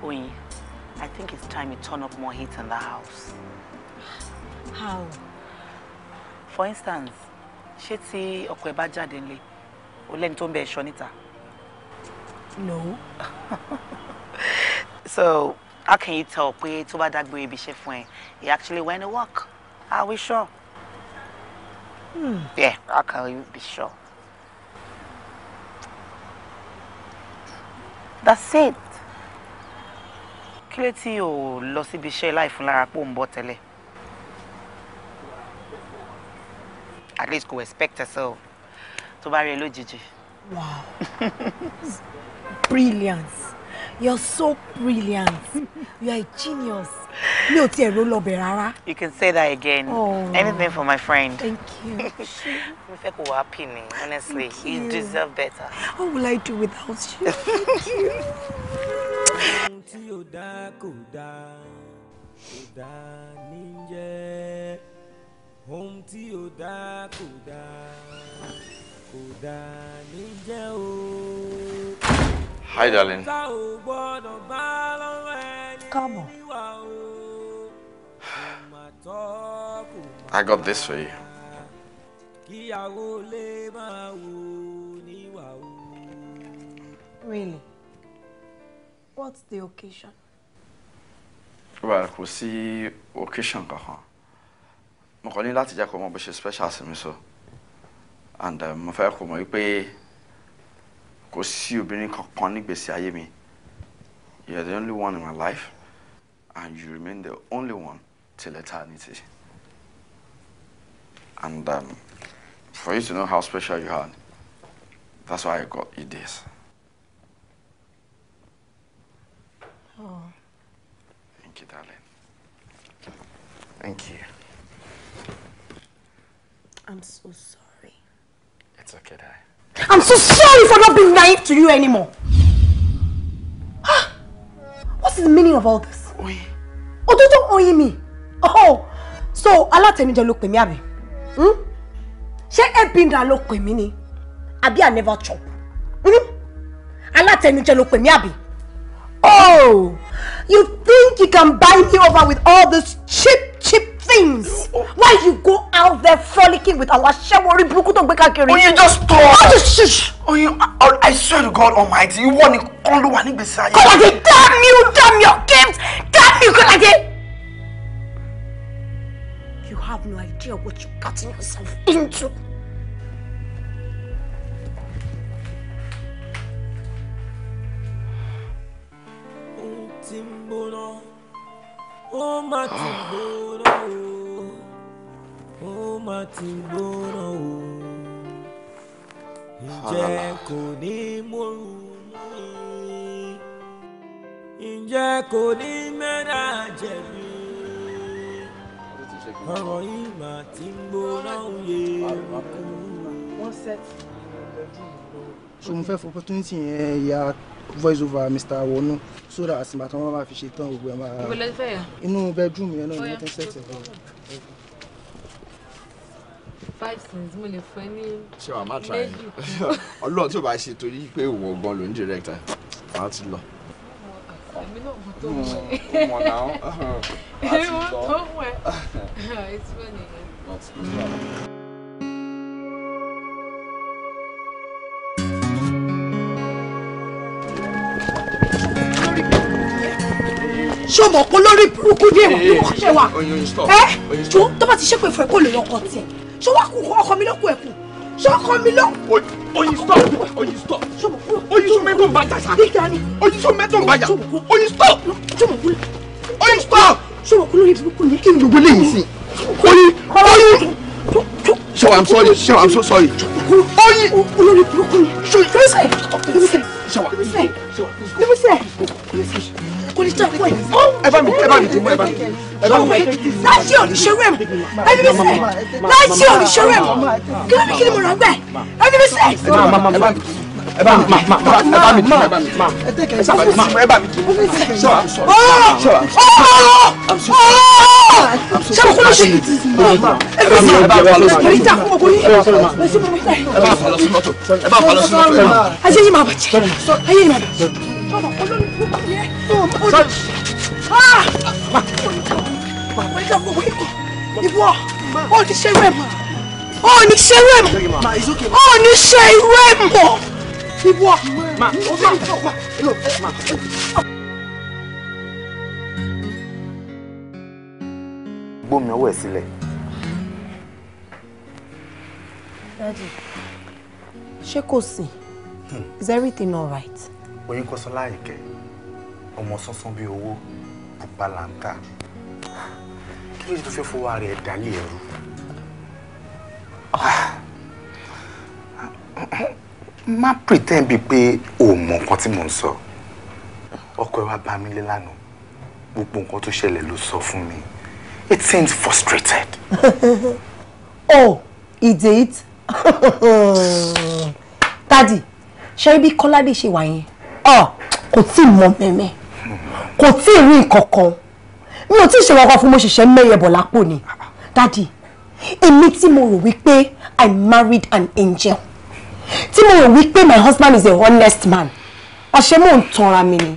Oyin, I think it's time you turn up more heat in the house. How? For instance, ṣé tí ọkọ ẹ bá jáde nílé, No. *laughs* so how can you tell pé to bá dágbére ibi iṣẹ́ fún ẹ he actually went to work are we sure hmm. yeah how can you be sure that's it kí ló tí o lọ síbi iṣẹ́ láì fún lára pò ń bọ̀ tẹ́lẹ̀ at least go respect yourself. To bá rí ẹ lójijì. wow *laughs* brilliance you're so brilliant you are a genius mi ò tiẹ̀ ro lọ́bẹ̀ you can say that again oh. anything for my friend. thank you. *laughs* mo fẹ́ kó wá pì honestly you. you deserve better. what will I do without you. thank you. ohun tí o dá kò dá kò dá ní Hi, darling. Come on. I got this for you. Really? What's the occasion? Well, kò sí occasion kankan. Mo kàn ní láti special so. And uh, mo fẹ́ kó kò sí obìnrin kankan nígbèsè ayé mi you are the only one in my life and you remain the only one till eternity and um, for you to know how special you are that's why I got you this. Oh. Thank you, darling. Thank you. I'm so sorry. It's okay, darling. I'm so sorry for not being naive to you anymore. Ah, what the meaning of all this? Oyin. Òdodo oyin me. Oh, so alátẹnujẹ ló pè mí àbí? Hmm? Ṣé Ebinda ló pè mí ni? Àbí I never chop? me hmm? ló look mí àbí? Oh, you think you can buy me over with all this cheap, cheap things while you go out there frolicking with our shewori burúkú tó gbé káàkiri. oyin just talk. wọ́n ti ṣiṣ. oyin I swear to God Almighty ìwọ ni kán ló wà nígbèsí ayé. damn you damn your games damn you kọ́ládé. you have no idea what you gotten yourself into. tí ó má ti gbóná o ó má ti gbóná o ǹjẹ́ kò ní mòrú mi ǹjẹ́ kò ní ti gbóná o yẹ kú so mo fẹ́ fọ opportunity yẹn ya voice over Mr. Wonu so that àsìmọ̀ àtàwọn máa fi ṣe tán gbogbo ẹ̀ máa. inú bedroom yẹn náà ni mo ti ń ṣẹ̀ṣẹ̀ lọ. five cents mo lè fún ẹ ní. ṣé wàá má try *laughs* ọlọ́run tí o bá ṣe torí pé ìwọ gan ló ń director máa ti lọ. èmi náà mo tó mọ hmm, ẹ. mo náà *laughs* *laughs* á ti lọ. èmi mo tó mọ ṣé o mọ̀ pé lórí burúkú ní ìwà ìwà ṣe wà ẹ jọ tó bá ti ṣépè fún ẹ kó lè lọkọ tiẹ ṣé wàá kú ọkọ mi ló kú ẹkú ṣé ọkọ mi ló. oyin stop oyin stop oyin sọ mẹtọ bá jàṣà oyin sọ mẹtọ bá jà oyin stop oyin stop. ṣé o mọ̀ pé lórí burúkú ní. kí ni gbogbo lè yìí sí oyin oyin. ṣé wàá I'm sorry ṣé wàá I'm so sorry. oyin olórí burúkú ní. ṣé wàá ṣé wàá ṣé wàá kò ní tán pé ó ẹ bá mi ẹ bá mi dìbò ẹ bá mi ẹ bá mi. láti olùṣerú ẹ̀ ẹni bí sẹ́ láti olùṣerú ẹ̀ kí ló ní kí ni mo rà gbẹ̀ ẹni bí sẹ́. ẹ bá mi ẹ bá mi ẹ bá mi ma ma ma ẹ bá mi dìbò ẹ bá mi ma ẹ sábà ma ẹ bá mi dìbò sọ̀rọ̀ sọ̀rọ̀ sọ̀rọ̀ sábà kúló ṣe ẹ bá mi ẹ bá mi lọ sí mọ̀lítà kúmọ̀kú ní ẹ bá mi lọ sí mọ̀tò ẹ bá mi lọ sí mọ̀tò. ayé yìí máa bàjẹ́ ayé yìí máa bàjẹ́ sorry. ma ma wake up wake up ọwọ́ ẹ̀ sílẹ̀. Daddy, ṣé kò sí? Is everything all right? Oyin kò sọ láyìíkẹ́ ọmọ sánsán bíi owó pupa là ń tà kí ló dé tó fẹ́ fowó ara ẹ̀ dálé ẹ̀rú. má pretend bíi pé o mọ nǹkan tí mò ń sọ ọkọ ẹ wá bá mi lé gbogbo nǹkan tó ṣẹlẹ̀ ló sọ fún mi it seems frustrated. *laughs* oh he did tadi ṣe ibi kọ́ládé ṣe wà yẹn oh, kò tí ì mọ mẹ́mẹ́ kò tí ì rí nǹkan mi ò tí ì ṣe wọ́n fún mo ṣẹ̀ṣẹ̀ mẹ́yẹ bọ̀ lápò ni dádì èmi tí mo rò wípé I married an angel tí mo rò wípé my husband is a honest man ọ̀ṣẹ́ mò ń tanra mi ni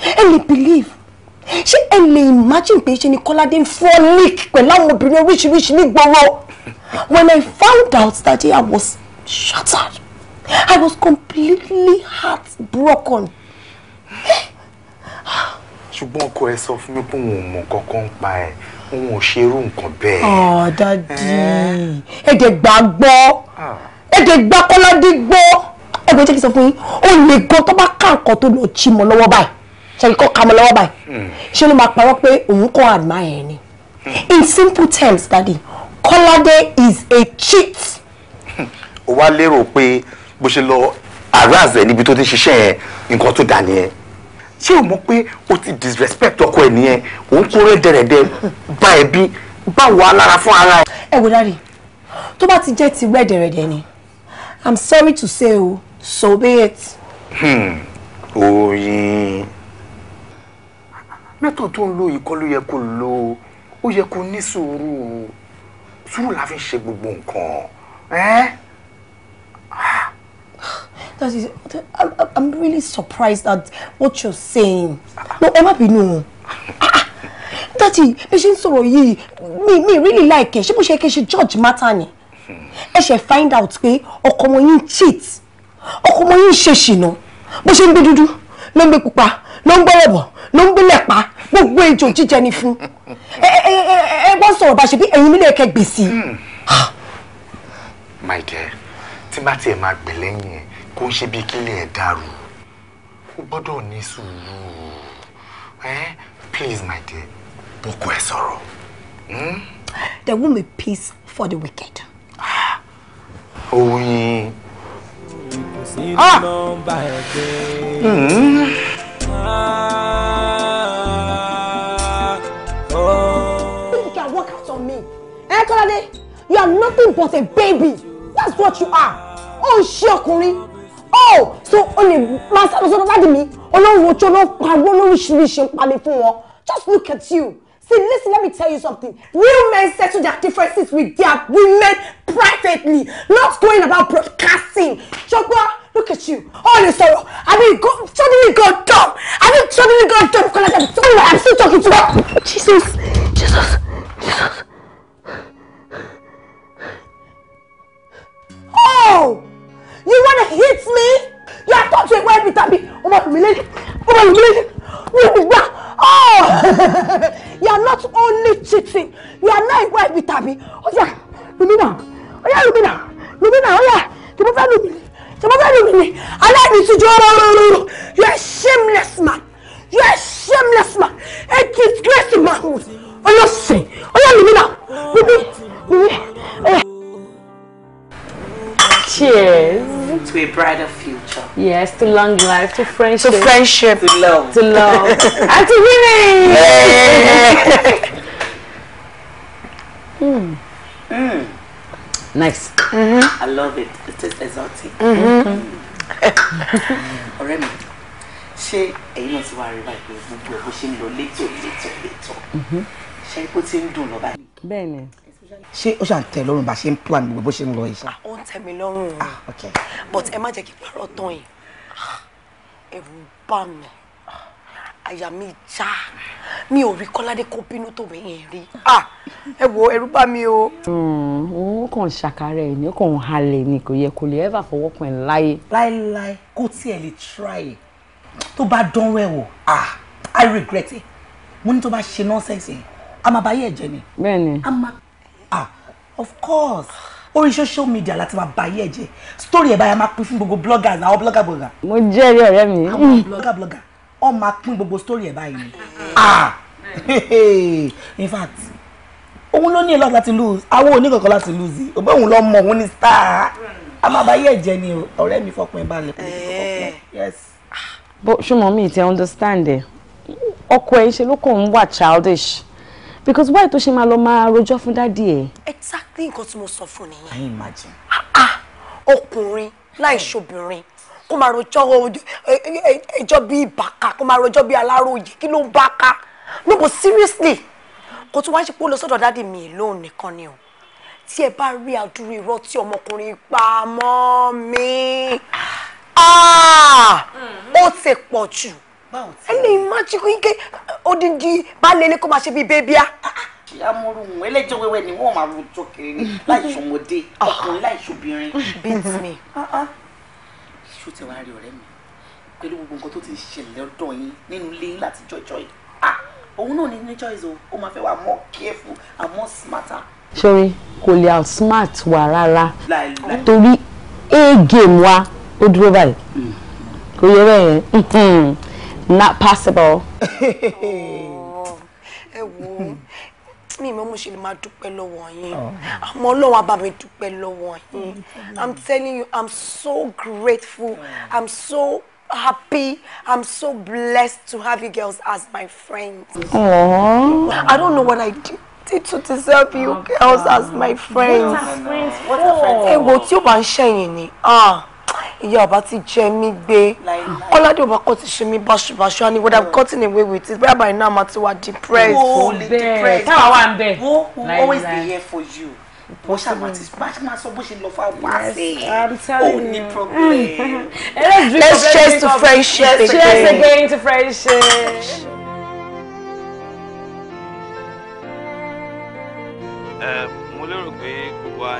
ẹ lè believe ṣé ẹ lè imagine pé ṣe ni Kọ́ládé ń fọ́ leak pẹ̀lú àwọn obìnrin oríṣiríṣi nígboro when I found out that I was shattered I was completely heartbroken ṣùgbọ́n ọkọ ẹ sọ fún mi pé òun ò mọ kankan ń pa ẹ òun ò ṣe irú nǹkan bẹ́ẹ̀. ọ̀ dadi ẹ̀dẹ̀ gbà gbọ́ ẹ̀dẹ̀ gbà kọ́ládé gbọ́ ẹ̀gbọ́n jẹ́ kí n sọ fún yín ó lè gan tó bá ká nǹkan tó lọ jí mọ́ lọ́wọ́ báyìí ṣe kọ́ mọ́ lọ́wọ́ báyìí hmm. ṣé ló máa parọ́ pé òun kọ́ àdìmá ẹ̀ ni. Hmm. in simple terms dadi kọ́ládé is a cheat. ó wá lérò pé bó ṣe lọ àrà àzẹ níbi tó ti ṣiṣẹ́ nǹkan tó dà nìyẹn ṣé o mọ̀ pé o ti disrespect ọkọ ẹ̀ nìyẹn òun kórè dẹ̀rẹ̀dẹ̀ bá ẹ bí báwo alára fún ara ẹ. wò dáre tó bá ti jẹ́ ti wẹ́ dẹ̀rẹ̀dẹ̀ ni i'm sorry to say o so be it. Hmm, oyin mẹ́tọ̀ tó ń lo ìkọ́ ló yẹ kó lo ó yẹ kó ní sùúrù sùúrù la fi ṣe gbogbo nǹkan. Eh? that is I, I'm really surprised at what you're saying no Emma, má bínú ah, dadi bí ṣe ń me yìí really like ẹ She bó judge Matani, and she find out pé ọkọ ọmọ yín cheat ọkọ ọmọ yín she ṣìnà bó ṣe ń gbé dúdú ló ń gbé pupa ló ń gbọ́rọ̀ bọ̀ ló ń gbélẹ̀ pa gbogbo ejò jíjẹ ni fún ẹ ẹ ẹ wọ́n sọ̀rọ̀ bá ṣe bí ẹ̀yin nílé ẹ̀kẹ́ gbèsè. Hmm. my dear tí bá tiẹ̀ máa kò ń ṣe bíi kílẹ̀ ẹ̀ dàrú o gbọ́dọ̀ ní sùúrù ẹ́ please my dear bọ́kọ ẹ sọ̀rọ̀. Hmm? there won't be peace for the wicked. Ah! oyin. Ah! Mm. You can work out on me. Eh, you are nothing but a baby. That's what you are. Oh, ṣé ọkùnrin oh so o lè máa sáré sọ́dọ̀ dáàdì mi olóhùn ojú olóhùn pariwo lóríṣiríṣi ń palẹ̀ fún wọn just look at you see listen let me tell you something real men settle their differences with their women privately not going about broadcasting ṣùgbọ́n look at you All ó lè sọ̀rọ̀ àbí suddenly go dumb àbí suddenly go dumb kọ́lá tàbí suddenly I'm still talking to her Jesus Jesus Jesus oh. You wanna hit me? You are touch me where it be. Oh my humiliation. Oh my humiliation. Oh! you are not only cheating. You are not where it be. Oh yeah, Lumina. Oh yeah, Lumina. Lumina. Oh yeah. The mother Lumina. The mother Lumina. I like this to You are a shameless man. You are a shameless man. A disgrace to manhood. Oh, you're saying. Oh yeah, Lumina. Lumina. Lumina. Oh, Cheers. To a brighter future. Yes, to long life, to friendship. To friendship. To love. To love. *laughs* and to women! Yeah. mm. Mm. Nice. Mm -hmm. I love it. It is exotic. Mm-hmm. Hmm. mi, ṣé ẹ̀yin náà ti wá rí báyìí pé gbogbo ẹ̀ bó ṣe ń lọ létò létò létò? Ṣé ipò ti ń dùn lọ báyìí? Bẹ́ẹ̀ni ṣé ó ṣàn tẹ́ lọ́rùn bá ṣe ń plan gbogbo bó ṣe ń lọ yìí ṣá. Ah, ó ń tẹ́ mi lọ́rùn ah, o but ẹ má jẹ́ kí parọ́ tán yìí ah, ẹ̀rù bà mí àyà mi já mi ò rí kọ́ládé kó bínú tó mi yẹn rí ẹ wo ẹ̀rù bà mí o. Hmm, ó kàn ṣàkárẹ̀ ẹ̀ ní ó kàn ń halẹ̀ ni kò yẹ kó lè ever fọwọ́ pẹ̀ láyé. láéláé kó tiẹ̀ lè try ẹ̀ e. tó bá dánwò ẹ̀ wò i regret it mo ní tó bá ṣe nonsense yẹn a máa bá yẹ̀ jẹ́ ni. bẹ́ẹ̀ a of course orí social media láti máa ba ayé ẹ jẹ story ẹ báyà máa pín fún gbogbo bloggers àwọn blogger blogger. mo jẹ́rìí ọ̀rẹ́ mi. àwọn blogger blogger ọ máa pín gbogbo story ẹ báyìí ni ah *laughs* in fact òun ló ní ìlọ́ọ̀tì láti lose àwọn oníkankan láti lose òbẹ́ òun ló mọ̀ òun ní star a máa ba ayé ẹ jẹ ni ọ̀rẹ́ mi fọkùn ẹ balẹ̀ yes. bó ṣùgbọ́n mi ti understand ẹ ọkọ ẹ ṣe ló kàn ń wà childish because why tó she máa lọ máa rojọ́ fún dádì ẹ̀. exactly nǹkan tí mo sọ fún nìyẹn. i imagine. Ah, ah láì ṣobìnrin kó máa rojọ́ ẹjọ́ bíi ìbàkà kó máa rojọ́ bíi aláròye kí ló ń bá no but seriously kò tún wá ṣe pé ó daddy sọ́dọ̀ dáàdì mi lóun nìkan ni o tí ẹ bá rí àdúrú irọ́ tí ọmọkùnrin pa mọ́ mi ah, ó ti pọ̀ jù báwo ti. ẹni ìmájú ike odindi balẹ̀ ni kó máa ṣe bíi bébíà. amúrùn ah, ah, ẹlẹ́jọ́ wẹ́wẹ́ ni wọ́n máa rojọ́ kiri ni *laughs* láì ṣọmọdé ọkùnrin láì ṣobìnrin. beat me. ṣó ti wá rí ọ̀rẹ́ mi pẹ̀lú gbogbo nǹkan tó ti ṣẹlẹ̀ ọ̀dọ̀ yín nínú ilé yín láti jọjọ́ yìí ah, òun náà ní ní choice o ó máa fẹ́ wà more careful and more smarter. sori kò lè outsmart wa rárá torí a game wa ó dúró báyìí hmm. kò yẹ bẹ́ẹ̀ yẹn hmm, hmm not possible. *laughs* i'm telling you i'm so grateful i'm so happy i'm so blessed to have you girls as my friends. i don't know what i did to deserve you girls as my friends. what are friends? what are friends? ẹ wo tí o bá ń ṣẹ̀yìn ah ìyá ọba ti jẹ mí gbé ọládé ọba kan ti ṣe mí báṣubàṣu and he would have gotten away with it bẹ́ẹ̀ báyìí náà máa ti wà depressed. wo bẹ́ẹ̀ táwa wà ń bẹ̀. wo who always be here for you wọ́n ṣàmà ti máa sọ bó ṣe lọ fún àwọn àṣẹ ò ní problem. *laughs* let's cheers to friendship again. cheers again to friendship. Um, mo lérò pé gbogbo wa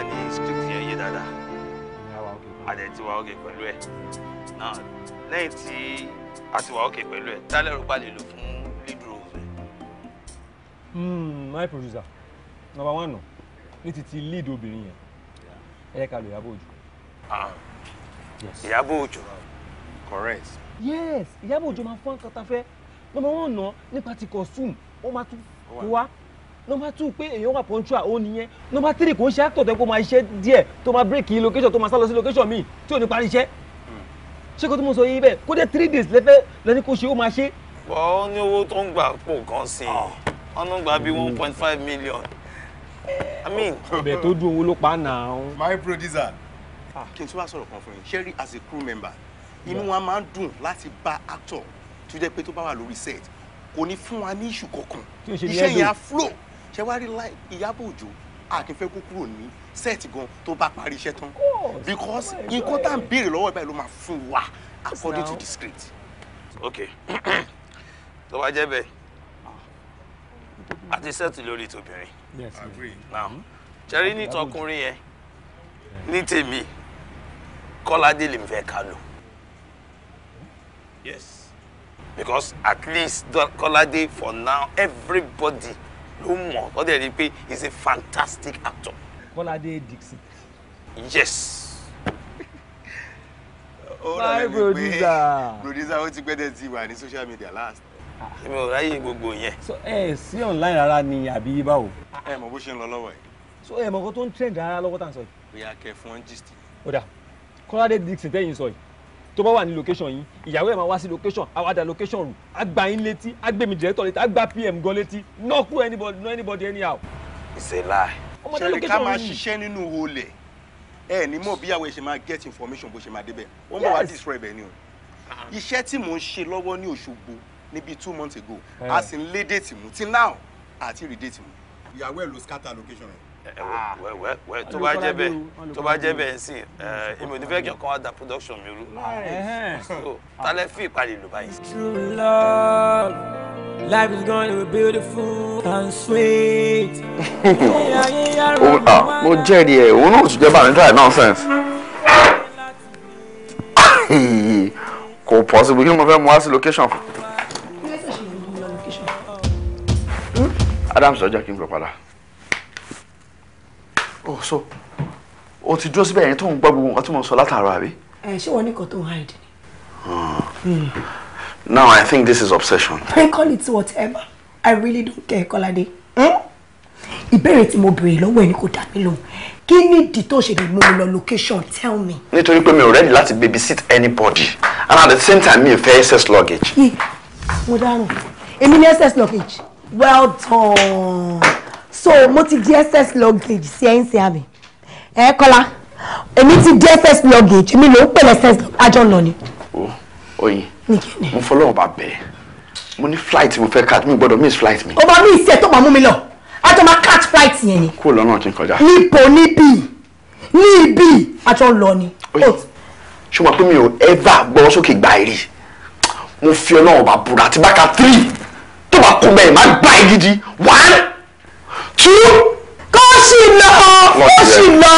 àdẹ̀tí wa òkè pẹ̀lú ẹ̀ náà lẹ́yìn tí a ti wà òkè pẹ̀lú ẹ̀ tá lẹ́rù palè lò fún lead role hmm, my producer number one nù ní ti ti lead obìnrin yẹn ẹ ká lò Ìyábọ̀ Òjó. Ah. Ìyábọ̀ Òjó correct. yes Ìyábọ̀ Òjó máa fọ́n kata fẹ́ number one nù nípa ti costume ó máa tún wá number two pé èèyàn wà punctual òun nìyẹn number three kò ń ṣe actor tó kó máa iṣẹ́ díẹ̀ tó máa break in location tó máa sá lọ sí location míì tí ò ní parí iṣẹ́ ṣé kó tó mú sọ yìí bẹ́ẹ̀ kó dé three days lẹ́fẹ́ lẹ́ni kó ṣe ó máa ṣe. wà ó ní owó tó ń gbà pọ̀ gan sí i ah. wọ́n ń gbà bíi one point five million i mean. ọbẹ̀ tó dùn owó ló pa náà. my producer. Ah. kí n tún wá sọ̀rọ̀ kan fún yín sherry as a crew member inú wa máa ń dùn láti bá actor tó jẹ́ pé tó bá wà lórí set kò ní fún wa ní ìṣù kankan iṣẹ́ yẹn á flow ṣé wàá rí Ìyábọ̀ Òjó àkín fẹ́ kó kúrò ní sẹ́ẹ̀tì gan tó bá parí iṣẹ́ tán oh because nǹkan tá à ń béèrè lọ́wọ́ ìbáyìí ló máa fún wa according to the script. ok tó bá jẹ́ bẹ́ẹ̀ àti sẹ́ẹ̀tì lórí tòbìnrin now hmm? ṣẹ́rí ní tọkùnrin yẹn ní tèmi kọ́ládé lè fẹ́ ká lò. yes. because at least kọ́ládé for now everybody ló mọ̀ ọ́ dẹ̀ rí i pé he's a fantastic actor. Kọ́ládé Dixon. yes. *laughs* ó rà mí pé producer ó ti pẹ́ dẹ̀ ti wà ní social media last. èmi ò ráyè gbogbo yẹn. so ẹ sí online rárá ni àbí báwo. ẹ mọ bó ṣe ń lọ lọ́wọ́ yìí. so ẹ mọ kó tó ń trend rárá lọ́wọ́ tá à ń sọ yìí. bóyá kẹ fún ọ́n gist. ó dà Kọ́ládé Dixon tẹ́yìn sọ yìí tó bá wà ní location yín ìyàwó ẹ̀ máa wá sí location àwàdà location rù àgbà yín létí àgbèmí director létí àgbà pm gan létí not cool anybody not anybody anyhow. it's a lie. ọmọdé location rù ni ṣe ká máa ṣiṣẹ́ nínú olè ẹ ní mọ̀ bí ẹ ṣe máa get information bó ṣe máa débẹ̀ wọ́n bá wá destroy ibẹ̀ ni o iṣẹ́ tí mò ń ṣe lọ́wọ́ ní Òṣogbo níbi two months ago a eh. sì ń lé déètì mú till now àti rí déètì mú. ìyàwó ẹ̀ ló scatter location rẹ̀ Ah. tó bá jẹ́ bẹ́ẹ̀ tó bá jẹ́ bẹ́ẹ̀ sí èmi ò ní fẹ́ kí ọkàn wa da production mi rú so ah. tálẹ́ fi ìpàdé lò báyìí. True love, life is gonna be beautiful and sweet. *laughs* Ah, mo jẹ́rìí ẹ̀ òun náà tún jẹ́ bàmí try nonsense. *laughs* kò possible kí ni mo fẹ́ mu wá sí location Adam sọ jẹ́ kí n gbọ̀ padà oh so o ti dúró síbẹ̀ yẹn tó ń gbọ́ gbogbo nǹkan tí mo ń sọ látàárọ̀ àbí. ẹ eh, ṣé wọn ní kò tó ń hide ni. Hmm. now i think this is obsession. i call it whatever i really don't care kọ́ládé. Hmm? ìbéèrè tí mo béèrè lọ́wọ́ ẹ ni kò dá mi lóhùn kí ni ìdí tó ṣe lè mú mi lọ location tell me. nítorí pé mi ò ready láti babysit anybody and at the same time mi ò fẹ́ excess luggage. mo dárò èmi ní excess luggage well done so mo ti di excess luggage sí ẹ̀ ń sin àmì ẹ̀ kọ́lá èmi ti di excess luggage mi ló ń pè lẹ́sẹ̀ àjọ lọ ni. oyin mo fọlọ́wọ́n bá bẹ̀ẹ́ mo ní flight mo fẹ́ cat mi gbọ́dọ̀ miss flight mi. o ma mi ìsẹ̀ tó máa mú mi lọ àjọ máa cat flight yẹn ni. kúrò lọ́nà kí n kọjá. níbo níbí ní ibi àjọ lọ ni. ṣùgbọ́n pé mi ò ever gbọ́ sókè gba èrè mo fi ọlọ́run bá búra àti bákà three tó bá kó bẹ́ẹ̀ máa gbá ẹ gidi one tú kó sì lọ kó sì lọ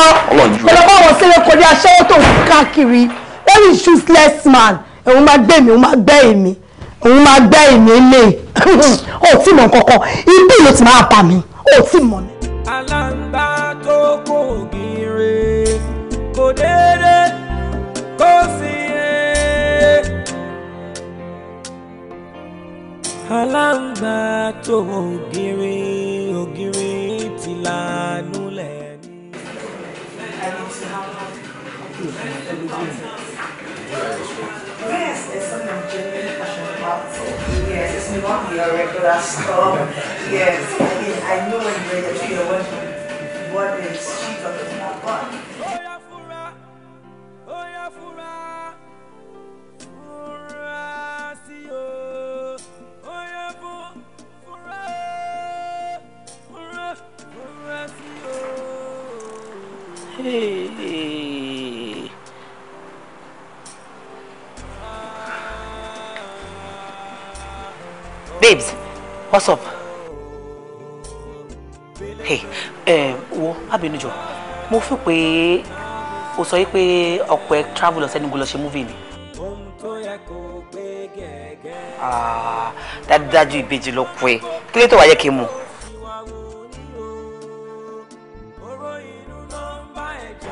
pẹ̀lẹ́pọ̀ àwọn sílẹ̀ kọjá aṣẹ́wó tó ń káàkiri very useless man òun máa gbé mi òun máa gbẹ́ èmi òun máa gbẹ́ èmi lè *coughs* ó tí mọ̀ kankan ibi ló ti máa pa mi ó tí mọ̀ mi. aláǹgbá tó kò gíire kò déédé kò sí e. aláǹgbá tó ògiri ògiri. Yes, there's some Nigerian fashion party. Yes, it's not your regular stuff. Yes, I mean, I know when you're here, what, what is she talking about? babes what's up hey ẹ eh, wo abinu jọ mo fi pé o sọ pé ọ̀pọ̀ travel ọ̀sẹ̀ ni mo lọ ṣe movie ni. Ah, dájúdájú that ló kú ẹ kí ló tó wáyé kí n mú.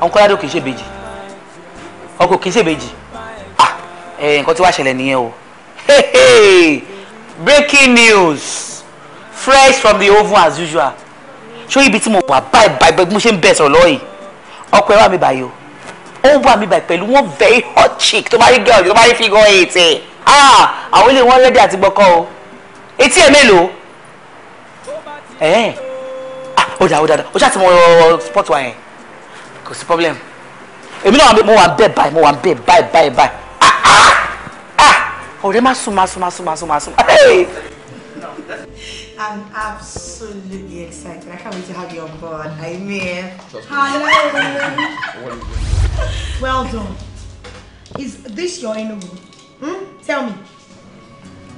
àwọn kọ́ládé kì í ṣe bèjì ọkọ̀ kì í ṣe bèjì ah eh, nǹkan tí wàá ṣẹlẹ̀ nìyẹn o breaking news fresh from the oven as usual ṣó ibi tí mo wà báyìí báyìí bí mo ṣe ń bẹ̀ sọ̀rọ̀ lọ́yìn ọkọ̀ ẹ wà mí báyìí o ó wà mí báyìí pẹ̀lú wọn very hot chick tó bá rí girl tó bá rí figure eight ẹ̀ ah àwọn ilé wọn rẹ́dí àti gbọ́kọ́ o etí ẹ̀ mélòó ẹ̀ẹ́n ah ó dà ó dà ó ṣàtìmọ̀ sport wa yẹn kò sí problem èmi náà mo wà bẹ́ẹ̀ báyìí mo wà bẹ́ẹ̀ báyìí báyìí báyìí ah ah ah ọ̀rẹ́ má sùn má sùn má sùn má sùn má sùn. I'm absolutely excited. I can't wait to have you on board. I mean, hello. well done. Is this your Enugu? Hmm? Tell me.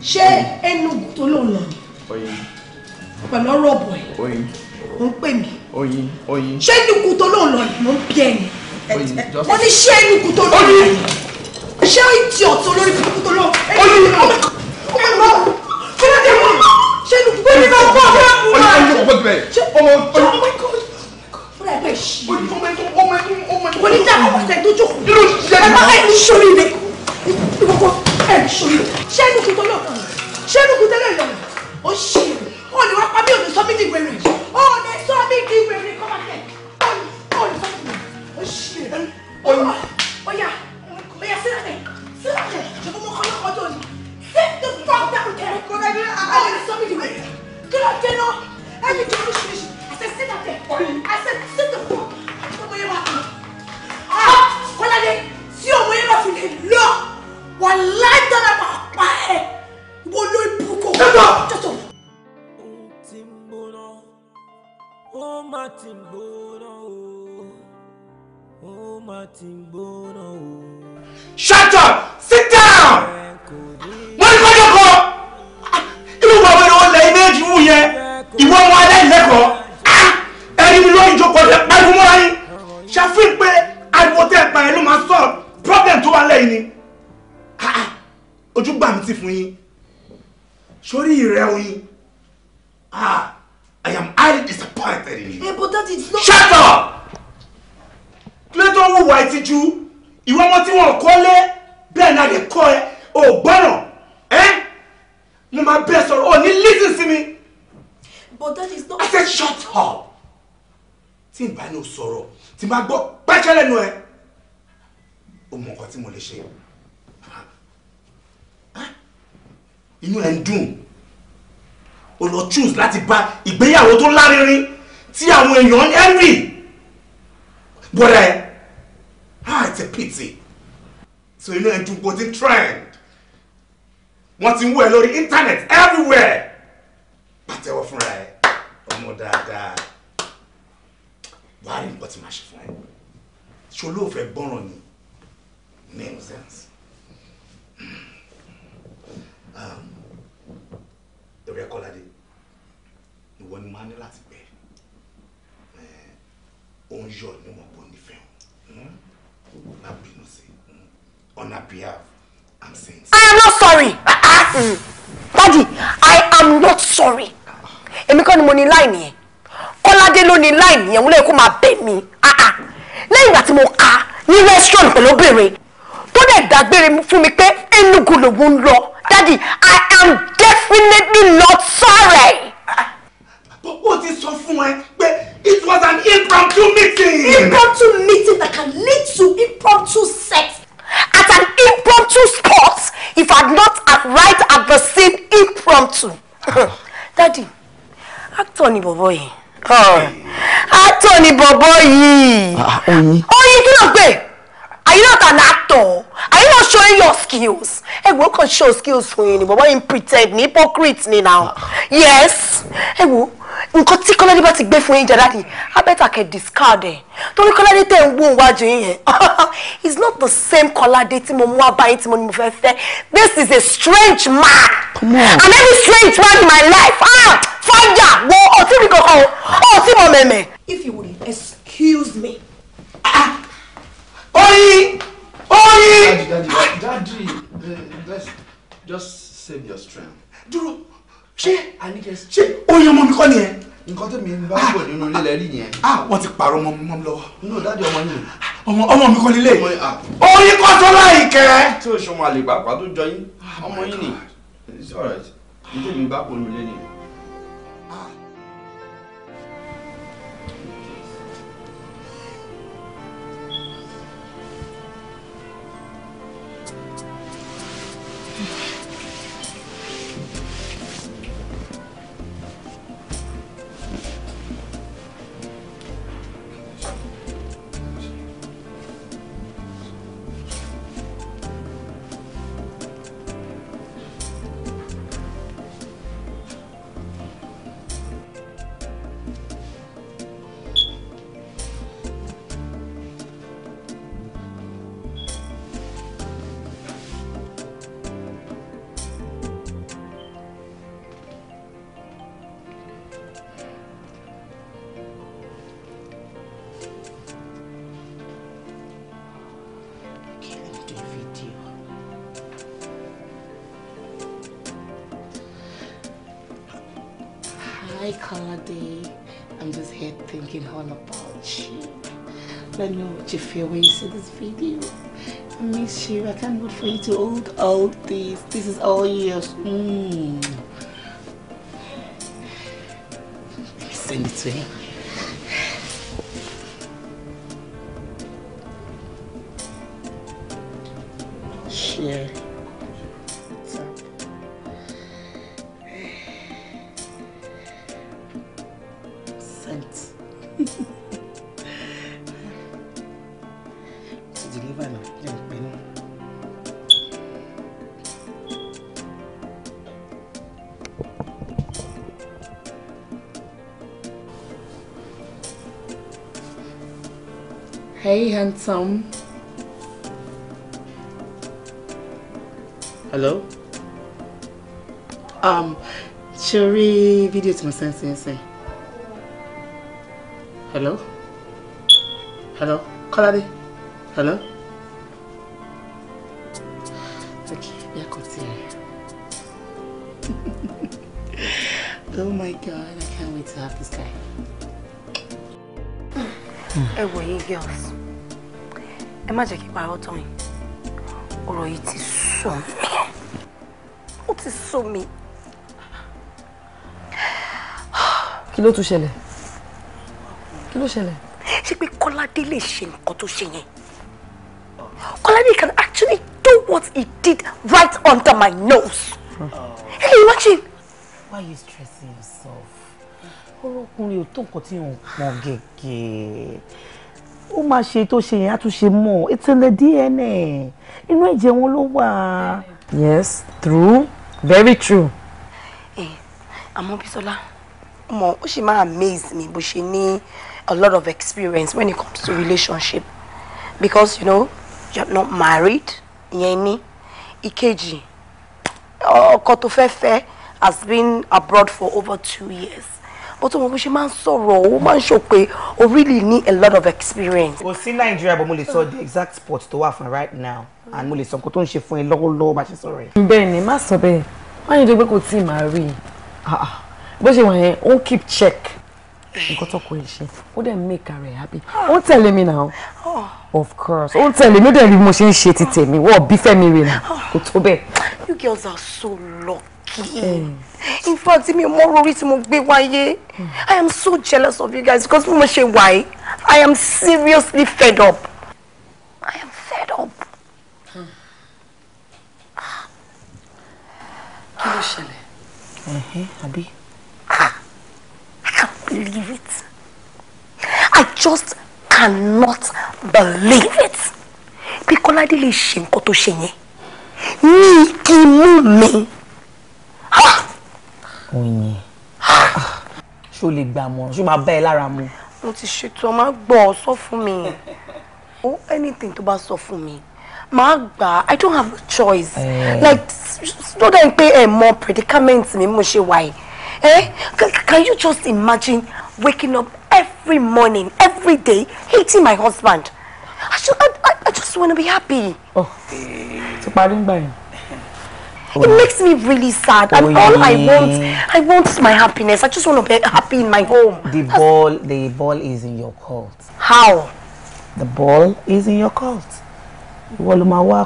Ṣé Enugu tó lò lọ? Oyin. Pẹ̀lú ọ̀rọ̀ ọ̀bọ̀ ẹ̀. Oyin. Ò ń pè mí oyin oyin. ṣé nukú tó lóun lọ ló ń bí ẹni wọ́n ní ṣé nukú tó lóun lọ ṣé ìtì ọ̀tún olórí kúkú tó lọ. oyin kílódé mọ ṣé nukú tó lọ fún ọmọ ẹmu náà. oyin kò gbọdọ̀ bẹ́ẹ̀ ọmọ ọmọ fúnra ẹgbẹ́ ṣí. wọ́n ní dáhùn ọ̀sẹ̀ tó jókòó. irú ṣe é máa ń ṣorí ilé ìkókó ẹ̀ ń ṣorí ilé. ṣé nukú tó lọ ṣé nukú tẹ́lẹ̀ lọ ó ṣì ó ní wá pa bí òní sọ mí dìgbẹ́ rẹ̀ yìí. Oh, they ó lè sọ mí Come again. Oh oh, oh, oh, oh, ó Oh, oh mí oh ó ṣe é ó yà ó yà sílẹ̀ tẹ̀ sit down there. mo kọ́ lọ́kọ́ tó ní sit the fuck down there kò rẹ̀ ní ó lè sọ mí di wèrè kí ló dé náà ẹni tó ló ṣe é ṣe àṣẹ sílẹ̀ tẹ̀ àṣẹ sit the fuck ọmọ yẹn máa kọ́ ah kọ́ládé tí ọmọ yẹn bá fi lè lọ wà láì dáná máa pa ẹ̀ wọ́n ló ń bú kó. ó ti gbóná o ó ti gbóná o. shut up sit down wọ́n ní kọ́jọ́ kan irú bàbá ni wọ́n lẹ iméjì wù yẹn ìwọ ọmọ aláìlẹ́kọ̀ọ́ ẹni mi lóyún jókòó tẹ pariwo mọ́ra yín ṣàfihàn pé ariwo tẹ́ ẹ̀ pa ẹ̀ ló máa sọ problem tó wà lẹ́yìn ni ah, ah. ojú gbà mí ti fún yín sórí ìrẹ́ oyin. Ah. I am highly disappointed in you. Hey, eh, but that is not. Shut up! Clayton who wùwà ìtìjú, ìwọ ọmọ tí wọ́n kọ́ lé, bẹ́ẹ̀ náà lè kọ́ ẹ, Oh, gbọ́ràn, Eh? Mo my best sọ̀rọ̀, all. ní lísìn to me. But that is not. I said shut up! Tí n bá ní o sọ̀rọ̀, tí n bá gbọ́ pẹ́kẹ́ lẹ́nu ẹ, o mọ nǹkan tí mo lè ṣe o lọ choose láti bá ìgbéyàwó tó lárinrin tí àwọn èèyàn envy bọ̀rẹ̀ ah it's a pity so inú ẹ̀ dùn kò ti trend wọ́n ti ń wú lórí internet everywhere pàtẹ́wọ́ fúnra ẹ ọmọ dáadáa wàá rí nǹkan tí màá ṣe fún ẹ ṣo ló fẹ́ gbọ́ràn ni name sense hmm. um, Ìrẹ́kọ̀ládé ìwọ ni máa ní láti bẹ ó ń yọ níwọ̀n bó nífẹ̀ẹ́ o hmm? má bínú sí hmm? on her behalf i'm i am not sorry daddy i am not sorry èmi kọ́ ni mo ní láìní yẹn kọ́ládé ló ní láìní yẹn wọ́n lè kó máa bẹ̀ mí lẹ́yìn ìgbà tí mo ka ní restaurant pẹ̀lú obìnrin tó dẹ̀ dágbére fún mi pé Enugu lòun ń lọ daddy i am definitely not sorry ó ti sọ fún ẹ pé it was an impromptu meeting. impromptu meeting that can lead to impromptu sex at an impromptu spot if i not right at the same impromptu. *laughs* daddy actor ni bọ̀bọ̀ yìí. actor ni bọ̀bọ̀ yìí. Ah, oyin kí ló gbé are you not an actor are you not showing your skills ẹ wo kàn show skills fún yín ni bọ̀bọ̀ yìí pretend ni hypocrite ni now ah. yes ẹ wo nǹkan tí kọ́ládé bá ti gbé fún yín jẹ dáàdì abẹ́tà kẹ́ discard ẹ̀ torí kọ́ládé tẹ̀ ń wò wájú yín yẹn *laughs* it's not the same kọ́ládé tí mo mú abáyé tí mo ní mo fẹ́ fẹ́ this is a strange man and every strange man in my life ah fàjà wo ọtí mi kankan o ọtí mo mẹ̀mẹ̀. if you would excuse me. oyin oyin. daddy daddy, daddy uh, let's just save your strength. Duro ṣé ṣé oyin ọmọ mi kọ́ nìyẹn. nǹkan tó mi bá bọ̀ nínú ilé lẹ́rí yẹn. Ah, ah wọ́n ti pààrọ̀ ọmọ mi mọ́ mi lọ́wọ́. nínú dáàdi ọmọ yìí. ọmọ ọmọ mi kọ́ nílé. Ah. oyin kọ́ tó láì kẹ́. tí o ṣọmọ àlè bàbá tó jọ yín ah, ọmọ yín ni it's alright nítorí mi bá kò nílé nìyẹn. if you're you see this video. I miss you. I can't wait for you to hold all this. This is all yours. Mm. Send it to him. handsome. Hello? Um, Sherry, video to my sense insane. Hello? Hello? Kọ́ládé? Hello? Okay, yeah, *laughs* continue. oh my god, I can't wait to have this guy. Ẹ wò yín girls ẹ má jẹ́ kí parọ́ tán yìí ọ̀rọ̀ yìí ti sọ mí ó ti sọ mí. kí ló tún ṣẹlẹ̀ kí ló ṣẹlẹ̀. ṣé pé kọ́ládé lè ṣe nǹkan tó ṣe yẹn kọ́ládé can actually do what he did right under my nose. can you imagine. why you stressing yourself ọ̀rọ̀ ọkùnrin ò tó nǹkan tí ò ń pọn gẹ́gẹ́ ó máa ṣe tó ṣe yẹn á tún ṣe mọ́ ìtẹ̀lẹ̀ dna inú ẹ̀jẹ̀ wọn ló wà. yes true very true. ẹ eh, àmọ́ Bísọ́lá ọmọ ó sì máa amaze mi bó ṣe ní a lot of experience when it comes to relationship because you know you're not married ìyẹn ní ìkejì ọkọ tó fẹ́ fẹ́ has been abroad for over two years ó tó mọ bó ṣe máa ń sọ̀rọ̀ ó máa ń sọ pé o really need a lot of experience. kò sí nàìjíríà bó mo lè sọ the exact spot tó wà fún right now and mo lè sọ nǹkan tó ń ṣe fún ẹ lọ́wọ́lọ́wọ́ bá ṣe sọ̀rọ̀ ẹ. bẹ́ẹ̀ ni má sọ bẹ́ẹ̀ wọ́n á yẹ kó tí ì máa rí i ah, ah. bó ṣe wọ̀nyẹn ó ń keep check nǹkan tó kò lè ṣe ó make her happy ó ń me now? Oh. of course ó ń me mi ó dẹ̀ rí mo ṣe ń ṣe ti tèmi wọ́n bí fẹ́mi rè nà kò tó bẹ́ẹ̀. you girls are so lucky mm. in fact mi mọ orí tí mo gbé wáyé i am so jealous of you guys because bí mo ṣe wà i am seriously fed up i am fed up. kí ló ṣẹlẹ̀. àbí believe it. I just cannot believe it. Bí Kọ́ládé lè ṣe nǹkan tó ṣe yẹn ní inú mi. Ah! Oyin, ṣó lè gbà mọ́, ṣó máa bá ẹ lára mu. Mo ti ṣètò ọmọ gbọ́ ọ sọ fún mi. O anything tó bá sọ fún mi máa gbà I don't have a choice. Eh. Like, tó dẹ́n pé ẹ̀ mọ predicament mi mo ṣe wáyé. Eh? Can, can you just imagine waking up every morning, every day, hating my husband? I, just I, I, just want to be happy. Oh, it's a bad thing. It makes me really sad. And oh, all I want, I want my happiness. I just want to be happy in my home. The That's... ball, the ball is in your court. How? The ball is in your court. Ìwọ ló máa wá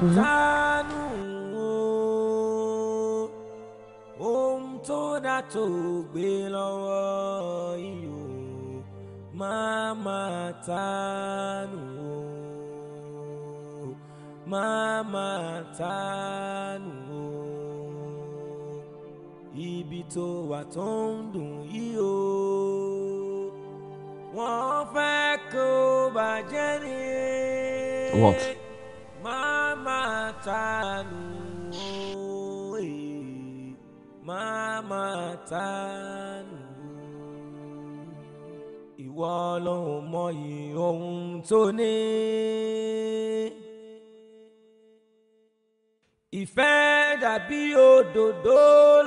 látàánú mm-hmm. ohun tó dá tó gbé lọ́wọ́ iyò máa máa tánú máa máa tánú ibi tó wà tó ń dùn yìí o wọ́n fẹ́ kó bàjẹ́ ni. What? tanu oye eh, mama tanu ìwọ lòun mọyì ohun tó ní. ìfẹ́ dàbí òdòdó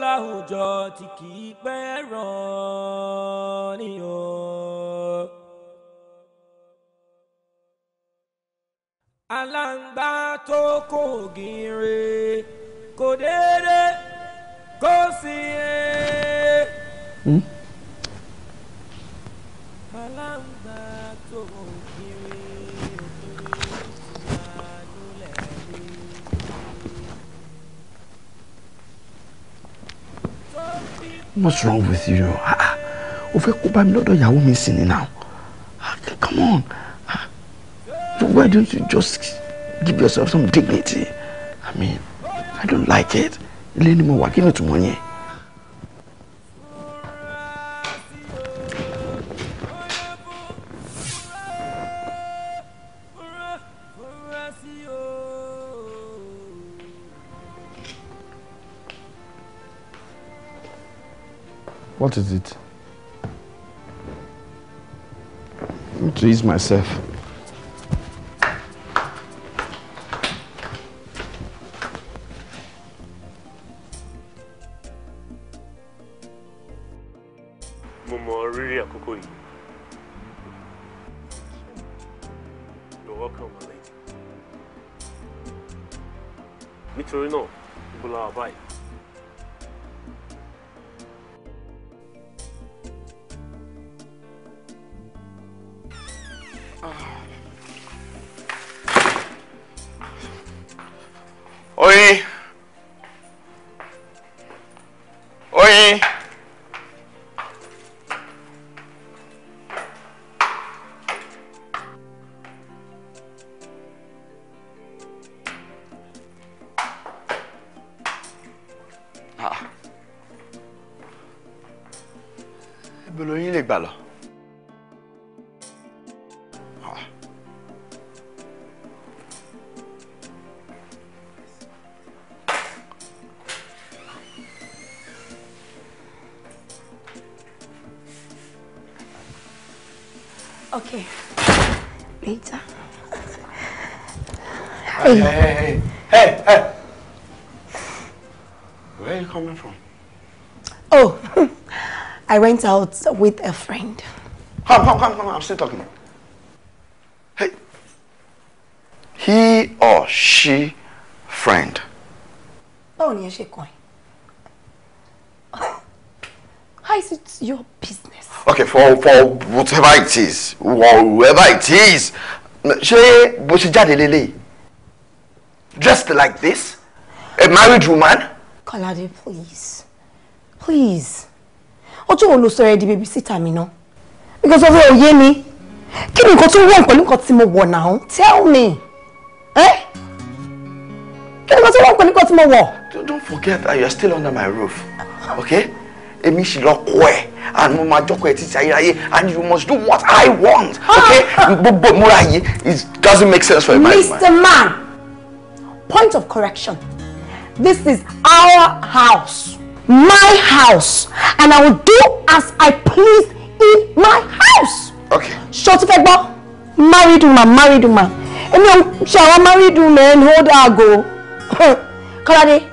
láwùjọ tí kì í pẹ́ ràn ni o. aláǹgbá tó kò gíire kò déédé kò sí e. Hmm? aláǹgbá tó gíire ìgbàlú lẹ́rí. what's wrong with you? Ah, ah, o fẹ́ kó bá mi lọ́dọ̀ ìyàwó mi sí ni now ah, come on why don't you just give yourself some dignity? I mean, I don't like it. Ilé ni mo wà kí ni What is it? I to ease myself. Ah. ibo lóyún lè gbà lọ. I went out with a friend. Come, come, come, come. I'm still talking. Hey. He or she friend. How is it your business? Okay, for for whatever it is, whoever it is, she bó ṣe jáde lélẹ̀? Dressed like this? A married woman? Kolade, please. Please ọjọ́ wo ló sọ ẹ di bèbí síta mi náà because ọ̀rọ̀ òye mi kí ni to tó wọ̀ pẹ̀lú nǹkan tí mo wọ̀ now? tell me ẹ́ kí ni to tó wọ̀ pẹ̀lú nǹkan tí mo wọ̀. don't forget that you are still under my roof okay èmi sì lọ kọ ẹ and mo máa jọkọ ẹ títí ayérayé and you must do what i want okay gbogbo ìmúra yìí it doesn't make sense for a man. mr man point of correction this is our house my house and I will do as I please in my house. Okay. Shorty fẹ́ gbọ́, married woman, married woman. Èmi ò ṣe àwọn married women hold her go. *laughs* Kọ́ládé,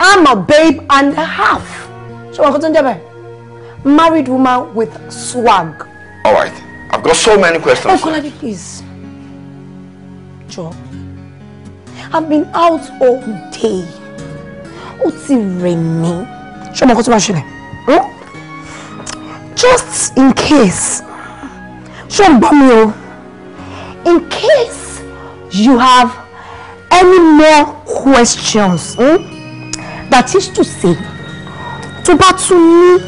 I'm a babe and a half. Ṣé wọn kò tó ń débẹ̀? Married woman with swag. All right, I've got so many questions. Oh, Kọ́ládé, please. Jọ, I've been out all day. Ó ti rẹ̀ mí ṣé ọmọ kan tó bá just in case ṣé ń gbọ́ you? in case you have any more questions hmm? that is to say to bá me,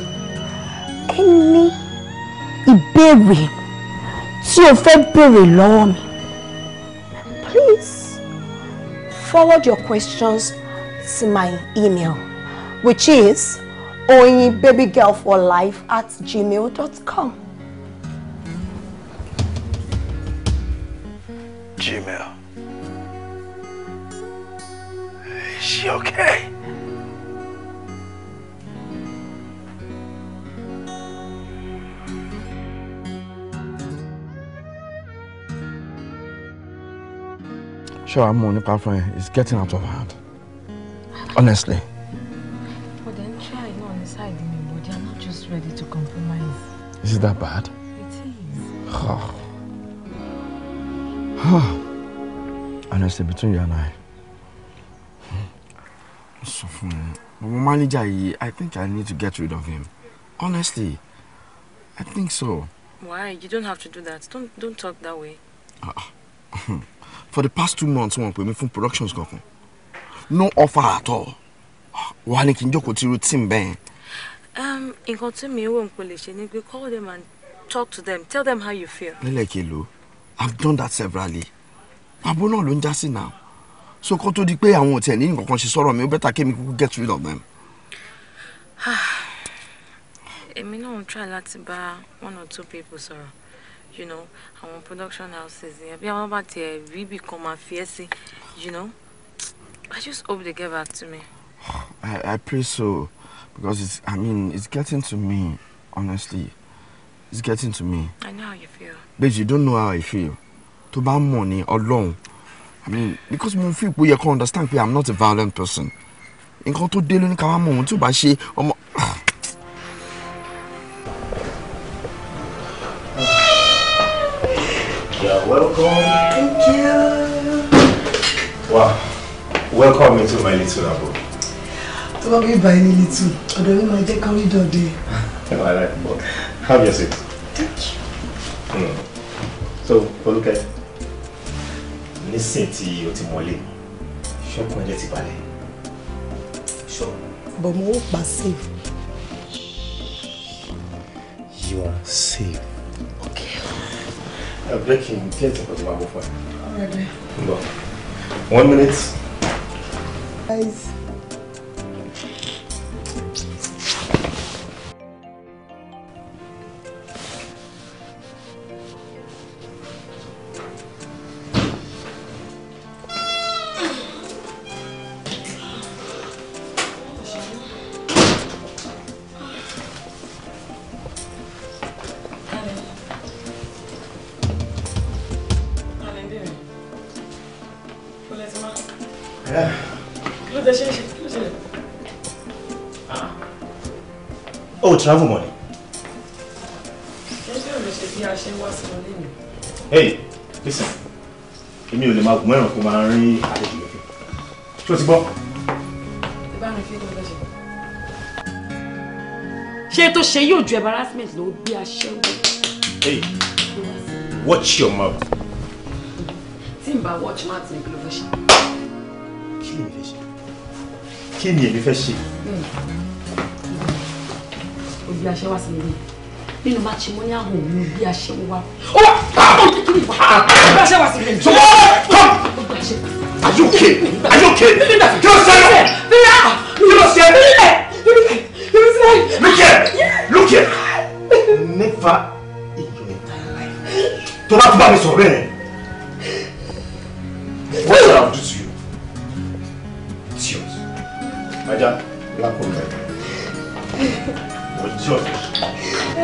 any ìbéèrè to o fẹ́ law, lọ́wọ́ please forward your questions to my email which is oyinbabygirlforlife at gmail.com. Gmail. Is she okay? Sure, I'm on the path. It's getting out of hand. Honestly. ready to compromise. Is it that bad? It is. Oh. Oh. Honestly, between you and I, hmm. so fun. My manager, I think I need to get rid of him. Honestly, I think so. Why? You don't have to do that. Don't don't talk that way. Uh, *laughs* for the past two months, wọ́n pè mí fún productions kankan. No offer at all. Ah, wà á ní kí n jókòó tí irú tí ń bẹ́ẹ̀. Um, nǹkan tí mi wò ń pè lè ṣe ni call them and talk to them tell them how you feel. Like you, I've done that severally I'm not ló just já sí so kó tó di pé àwọn ò tẹ̀ go nǹkan kan ṣe better mi ó get rid of them. Ah, èmi náà ń try to buy one or two people sir. you know our production houses If bí àwọn bá tiẹ̀ we become a máa you know I just hope they get back to me. Ah, I, I pray so. Because it's, I mean, it's getting to me, honestly. It's getting to me. I know how you feel. But you don't know how I feel. To buy money alone. I mean, because mo feel pé yẹ kó understand pé I'm not a violent person. In tó dealing with my money to buy tí ò bá You're welcome. Thank you. Wow. Welcome into my little abode. So I'll give by any little. I don't know, I just can't read all day. I like but have your seat. Thank you. Mm. So, Fọlúkẹ́, nísìn tí o ti mọ́lé, ṣọ́kùn ẹ̀jẹ̀ ti balẹ̀. Ṣọ́ bọ̀ mo ó pa save. You are safe. Okay. I'm breaking. Get up with my phone. Already. One minute. Guys. travel money. hey listen èmi ò lè máa gùn ẹ̀ràn kó máa rin àlejò lẹ́fẹ̀ẹ́ ṣé o ti gbọ́. ìbá mi ṣé tó ṣe yóò ju embarrassment lọ bí a ṣe hey watch your mouth. tí n bá watch mouth ní kí ló fẹ́ ṣe. kí lèmi fẹ́ ṣe kí ni èmi fẹ́ ṣe. Hmm òbí aṣẹ́wá sí ilé nínú matrimonial home ni òbí aṣẹ́wó wá. ó wà òbí aṣẹ́wá sí ilé. sọ wọ́n are you okay are you okay kí ló ṣẹlẹ̀ ah! kí ló ṣẹlẹ̀ look here look here never in your entire life tó bá tún bá mi sọ̀rọ̀ bẹ́ẹ̀ what shall I do to you tears. Ajá.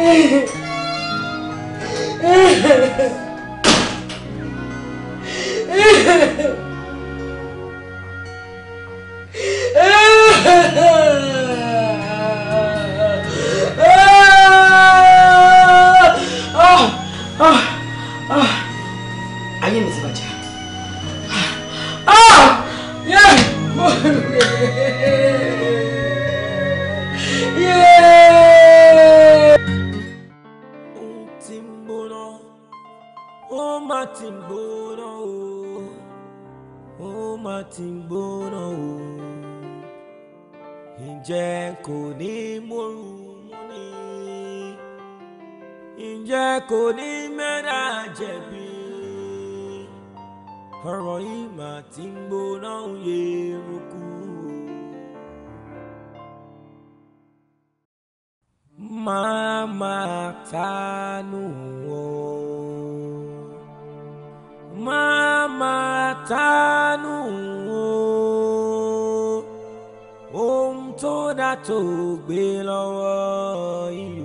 Hehehehe *laughs* kò ní mẹ́ra jẹ̀bi ọ̀rọ̀ yìí mà ń gbóná yé eruku. Mama tanu o, mama tanu o, ohun tó dá tó gbé lọ́wọ́ ìlú.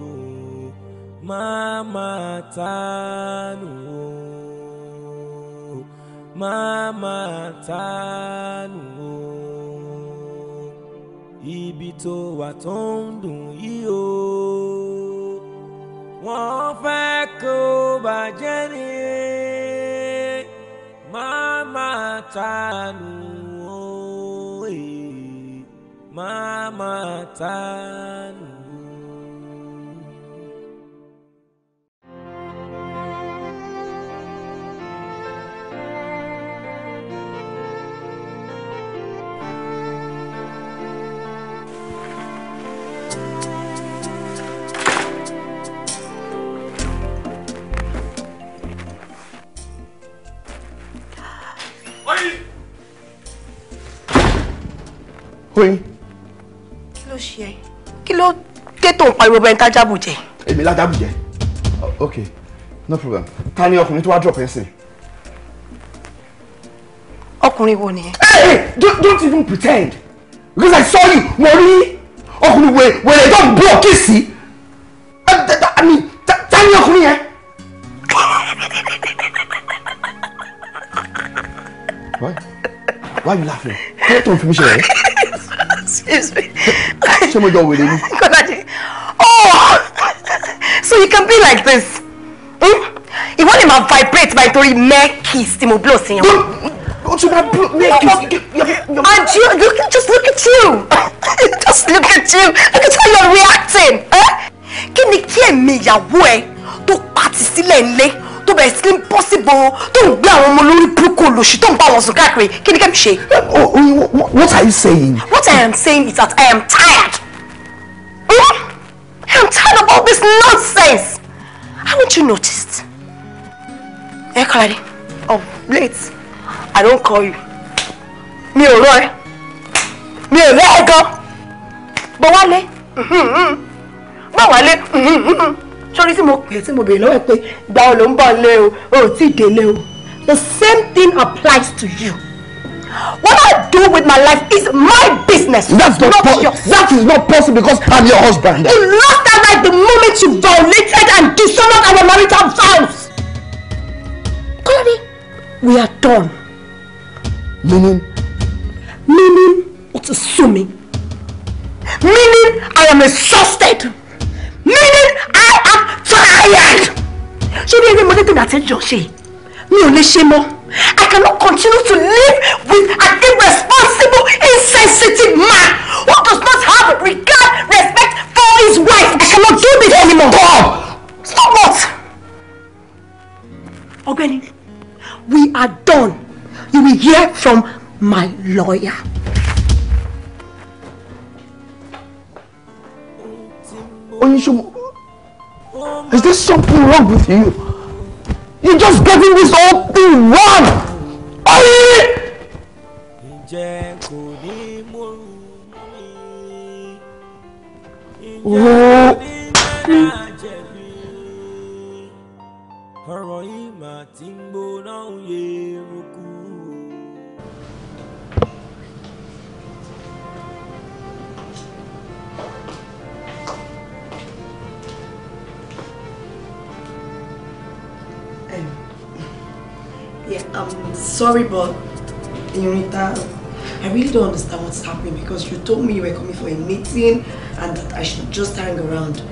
Mama Tanu Mama Tanu ibi tó wà tó ń dùn yìí o wọ́n fẹ́ kó bàjẹ́ ni Mama Tanu o Mama Tanu. oyin. kí ló ṣe ẹ kí ló dé tó ń pariwo bẹ́ẹ̀ tájábù jẹ. èmi lájábù ok no problem ta ni ọkùnrin tó wá drop ẹsìn. ọkùnrin wo nìyẹn. hey don't, don't even pretend because i saw you mo rí ọkùnrin wèrè wèrè tó ń bú ọ kí i mean ta ni ọkùnrin yẹn. Why? Why you laughing? Kí ló tó ń fi mí ṣe rẹ̀? excuse me. ṣé mo jọ wèrè ni. kọ́lájì *laughs* oh *laughs* so you can be like this hmm? ìwọ lè máa vibrate by torí mẹ́kìs tí mo blow sí yẹn. o tún máa blow mẹ́kìs. and you look, just look at you *laughs* just look at you look at how you're reacting. kí ni kí èmi ìyàwó ẹ tó pàtì sílẹ̀ ńlẹ́ tó bẹ̀rẹ̀ sí ní tó ń gbé àwọn ọmọ lórí burúkú lòṣì tó ń bá wọn sùn káàkiri kí ni kẹ́mi ṣe. what are you saying. what i am saying is that i am tired. Hmm? i am tired of all this nonsense. haven't you noticed. ẹ kọ́ra ni of late i don call you mi ò rọ ẹ mi ò rẹ ẹ gan bọ wálé bọ wálé sórí tí mo pè tí mo bèrè lọ́wọ́ ẹ̀ pé gba ọ ló ń bọ̀ lé o o tí délé o the same thing applies to you. What I do with my life is my business. That's not, not yours. That is not possible because I'm your husband. You lost that right the moment you violated and dishonored our marital vows. Kọ́ládé, we are done. Meaning? Meaning, It's assuming. Meaning, I am exhausted meaning I am tired. ṣé bí eré mọ́lẹ́tẹ̀ ní àtẹ́jọ́ ṣe mi ò lè ṣe mọ́ I cannot continue to live with an irresponsible insensitive man who does not have regard respect for his wife. I cannot do this anymore. God. Stop what? Ọ̀gbẹ́ni, we are done. You will hear from my lawyer. Onishomo, is there something wrong with you? You're just getting this whole thing wrong! Oye! Oh. Yeah, I'm sorry, but Yunita, I really don't understand what's happening because you told me you were coming for a meeting and that I should just hang around.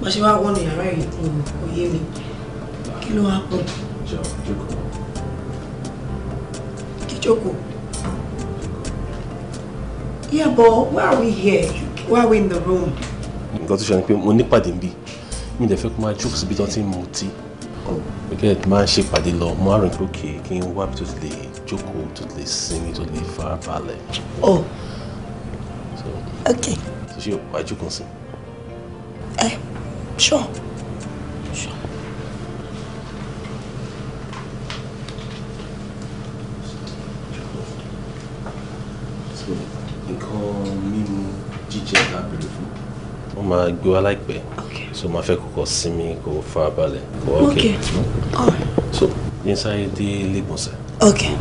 But she was wondering, right? Oh, hear me. Kí ló happen? Jókòó. Jókòó. Yeah, but why are we here? Why are we in the room? Nǹkan tó ṣe ni pé mo nípàdé ń bí. Mi ò dẹ̀ fẹ́ kó máa jókòó get máa ń ṣèpàdé lọ mo á rìn pé òkè kí n wá bí tó ti lè jókòó tó ti lè oh so, ok. so ṣé wàá jókòó sí. ẹ eh, sure. sure. so nǹkan mímu jíjẹ lábẹ́rẹ́ ó máa gbé wa láìpẹ́ so máa fẹ́ kọ́kọ́ sinmi kó fara balẹ̀ kó ok so yín sáré dé ilé ìgbọ̀nsẹ̀. okay.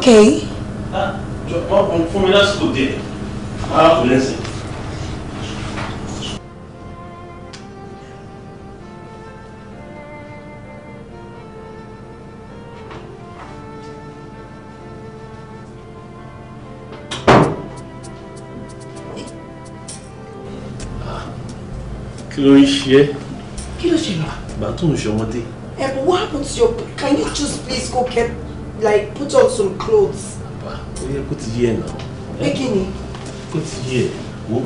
okay. Ah, jọ̀wọ́ fún mi lásìkò díẹ̀ arákùnrin sìn. kí ló ń ṣe ẹ́. kí ló ṣe lọ. ìgbà tó ń ṣe ọmọdé. ẹ what happened to your can you just please go get like put on some clothes. Papa, yẹ put here now. Bikini. náà. pé kí ni. kó ti yé ẹ wo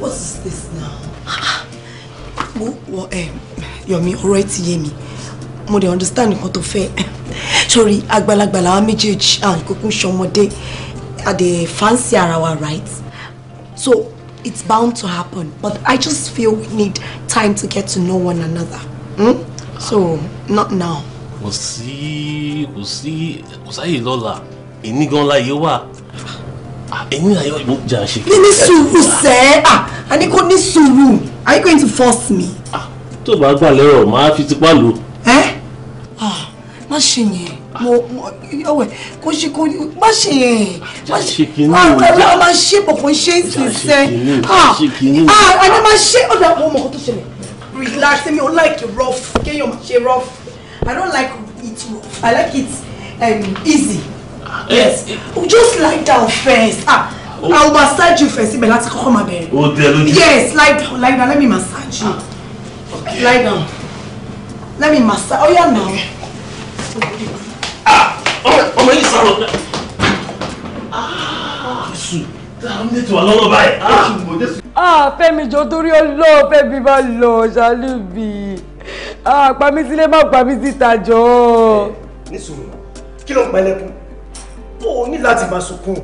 what is this now. wo wọ ẹ Yomi ọ̀rọ̀ ẹ ti yé mi mo dey understand nǹkan tó fẹ́ sori àgbàlagbà làwọn méjèèjì à ń kókó ṣọmọdé i dey fancy ara wa right so it's bound to happen but i just feel we need time to get to know one another. Hmm? so not now. kò sí kò sí kò sáyè lọ́la èmi gan láyé wà ah, èmi láyé wà ìjà ṣe. mi ní sùúrù sẹ́ Ah, a ní ní sùúrù are you going to force me. Ah, tó bá gbà lérò máa fi tipá lò. ẹ ah, má ṣe yẹn mo ọwẹ kò ṣe kò má ṣe yẹn má ṣe kìíní o ọlọ́ọ̀ máa ṣe bọ̀ kò ń ṣe é sísẹ́ ah ah ẹni máa ṣe ọ̀dà àwọn ọmọ kan tó ṣẹlẹ̀ relax èmi ò oh, like rough kéèyàn máa ṣe rough i don't like it rough i like it um, easy eh, yes eh. just lie down first ah oh. i will massage you first ibẹ̀ láti kọ́kọ́ máa bẹ̀rẹ̀ o tẹ lójú yes lie down lie down let me massage you ah. okay. lie down let me massage oya oh, yeah, now. ah ọmọ yìí sọ̀rọ̀ ah sùn dáhùn ní tiwa lọ́wọ́ báyìí ah, ah fẹ́mi jọ torí ọlọ́ọ̀ fẹ́mi má lọ ṣàlù mi ah pa mí sílé má pa mí síta jọ. ní sùúrù kí ló ń pa ẹlẹ́kùn ó ní láti máa sunkún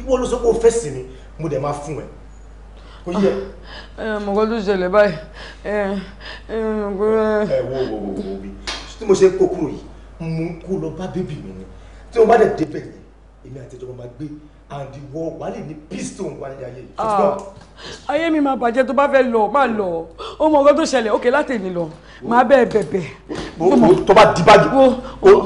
ìwọ ló sọ pé o fẹ́ sí mi mo dẹ̀ máa fún ẹ kò yẹ. Eh, mo kọ́ tó ṣẹlẹ̀ báyìí. Eh, eh, ẹ wo wo wo wo bi tí mo ṣe ń kó kúrò yìí mo ń kó lọ bá bébì mi ni tí mo bá dẹ̀ débẹ̀ yẹn èmi àti ìjọba máa gbé and ìwọ wà lè ní peace tó ń wà ní ayé yìí. Ah. ayé mi máa bàjẹ́ tó bá fẹ́ lọ máa lọ ó mọ ọgọ́ tó ṣẹlẹ̀ òkè látẹ̀mí lọ máa bẹ́ẹ̀ bẹ̀bẹ̀. tó bá di bájú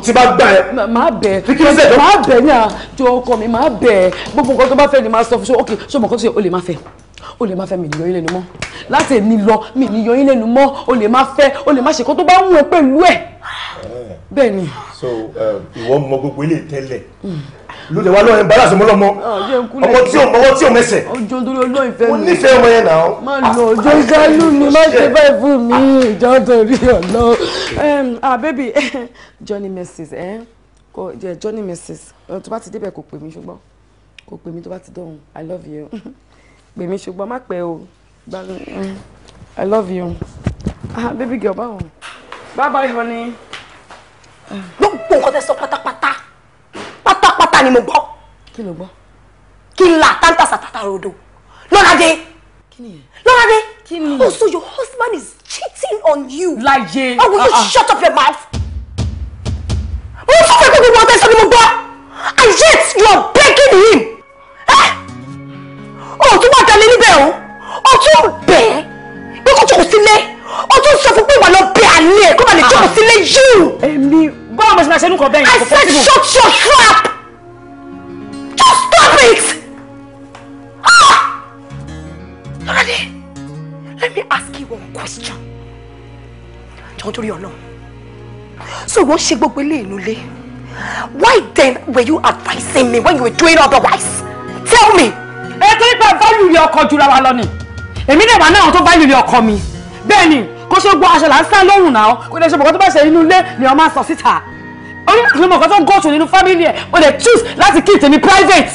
tí bá gbà ẹ. máa bẹ̀ máa bẹ̀ ní àjọ ọkọ mi máa bẹ̀ gbogbo nǹkan tó bá fẹ́ ni máa sọ fún ṣé òkè ṣé ọmọ kan tó ṣe o lè máa fẹ́ o lè má fẹ́ mi ní yọyín lẹ́nu mọ́ láti èmi lọ mi ní yọyín lẹ́nu mọ́ o lè má fẹ́ o lè má ṣe kó tó bá wù ẹ́ pẹ̀lú ẹ̀ eh. ni. so eh, ìwọ mọ gbogbo ilé tẹ́lẹ̀ hmm ló lè wá lọ́wọ́ ẹ̀mbára àti ọmọlọ́mọ ọmọ tí ò mọ́wọ́ tí ò mẹ́sẹ̀ ó nífẹ̀ẹ́ ọmọ yẹn náà. má lọ ọjọ́ ìdánù mi má ṣe báyìí fún mi ìjọ torí ọ̀nà. ah baby *laughs* johnny message eh? ẹ kò jẹ johnny message tó bá ti débẹ̀ kò pè mí ṣùgbọ́n kò pè mí tó bá ti dọ̀hún i love you *laughs* pè mí ṣùgbọ́n má pẹ́ o eh, i love you ah baby girl báwo bye bye honey. gbogbo nǹkan tẹ sọ pátápátá là ni mo gbọ́. kí ló gbọ́. kí n là tántàsà tàtàrodo lọ́ládé lọ́ládé oh so your husband is cheating on you. láyé oh will uh -uh. you ah, ah. shut up your mouth. mo sọ fún gbogbo ọtẹ sọ ni mo gbọ́ and yet you are breaking him. Eh? o tún wà tẹ́lẹ̀ níbẹ̀ o o tún bẹ̀ẹ́ pé kó jókòó sílé o tún sọ fún pé wà lọ bẹ àlẹ kó má lè jókòó sílé you. èmi báwo mo ṣe máa ṣe nǹkan bẹ́ẹ̀ yẹn kò fọ́ sí I said shut your trap. Just stop it! Ah! Lorade, let me ask you one question. Jọ̀wọ́ torí ọ̀nà. So wọ́n ṣe gbogbo ilé inú ilé. Why then were you advising me when you were doing otherwise? Tell me. Ẹ torí pé value ilé ọkọ jura wa lọ ni. Èmi náà wà náà tó value ilé ọkọ mi. Bẹ́ẹ̀ni, kó ṣe gbọ́ aṣọ là ń sá lọ́rùn náà. Kó lè ṣe bọ̀kọ́ tó bá ṣe inú ilé ni ọ máa sọ síta orí mo kọ́ tó ń gòtò nínú fámìlì ẹ̀ mo dẹ̀ choose láti keep tèmi private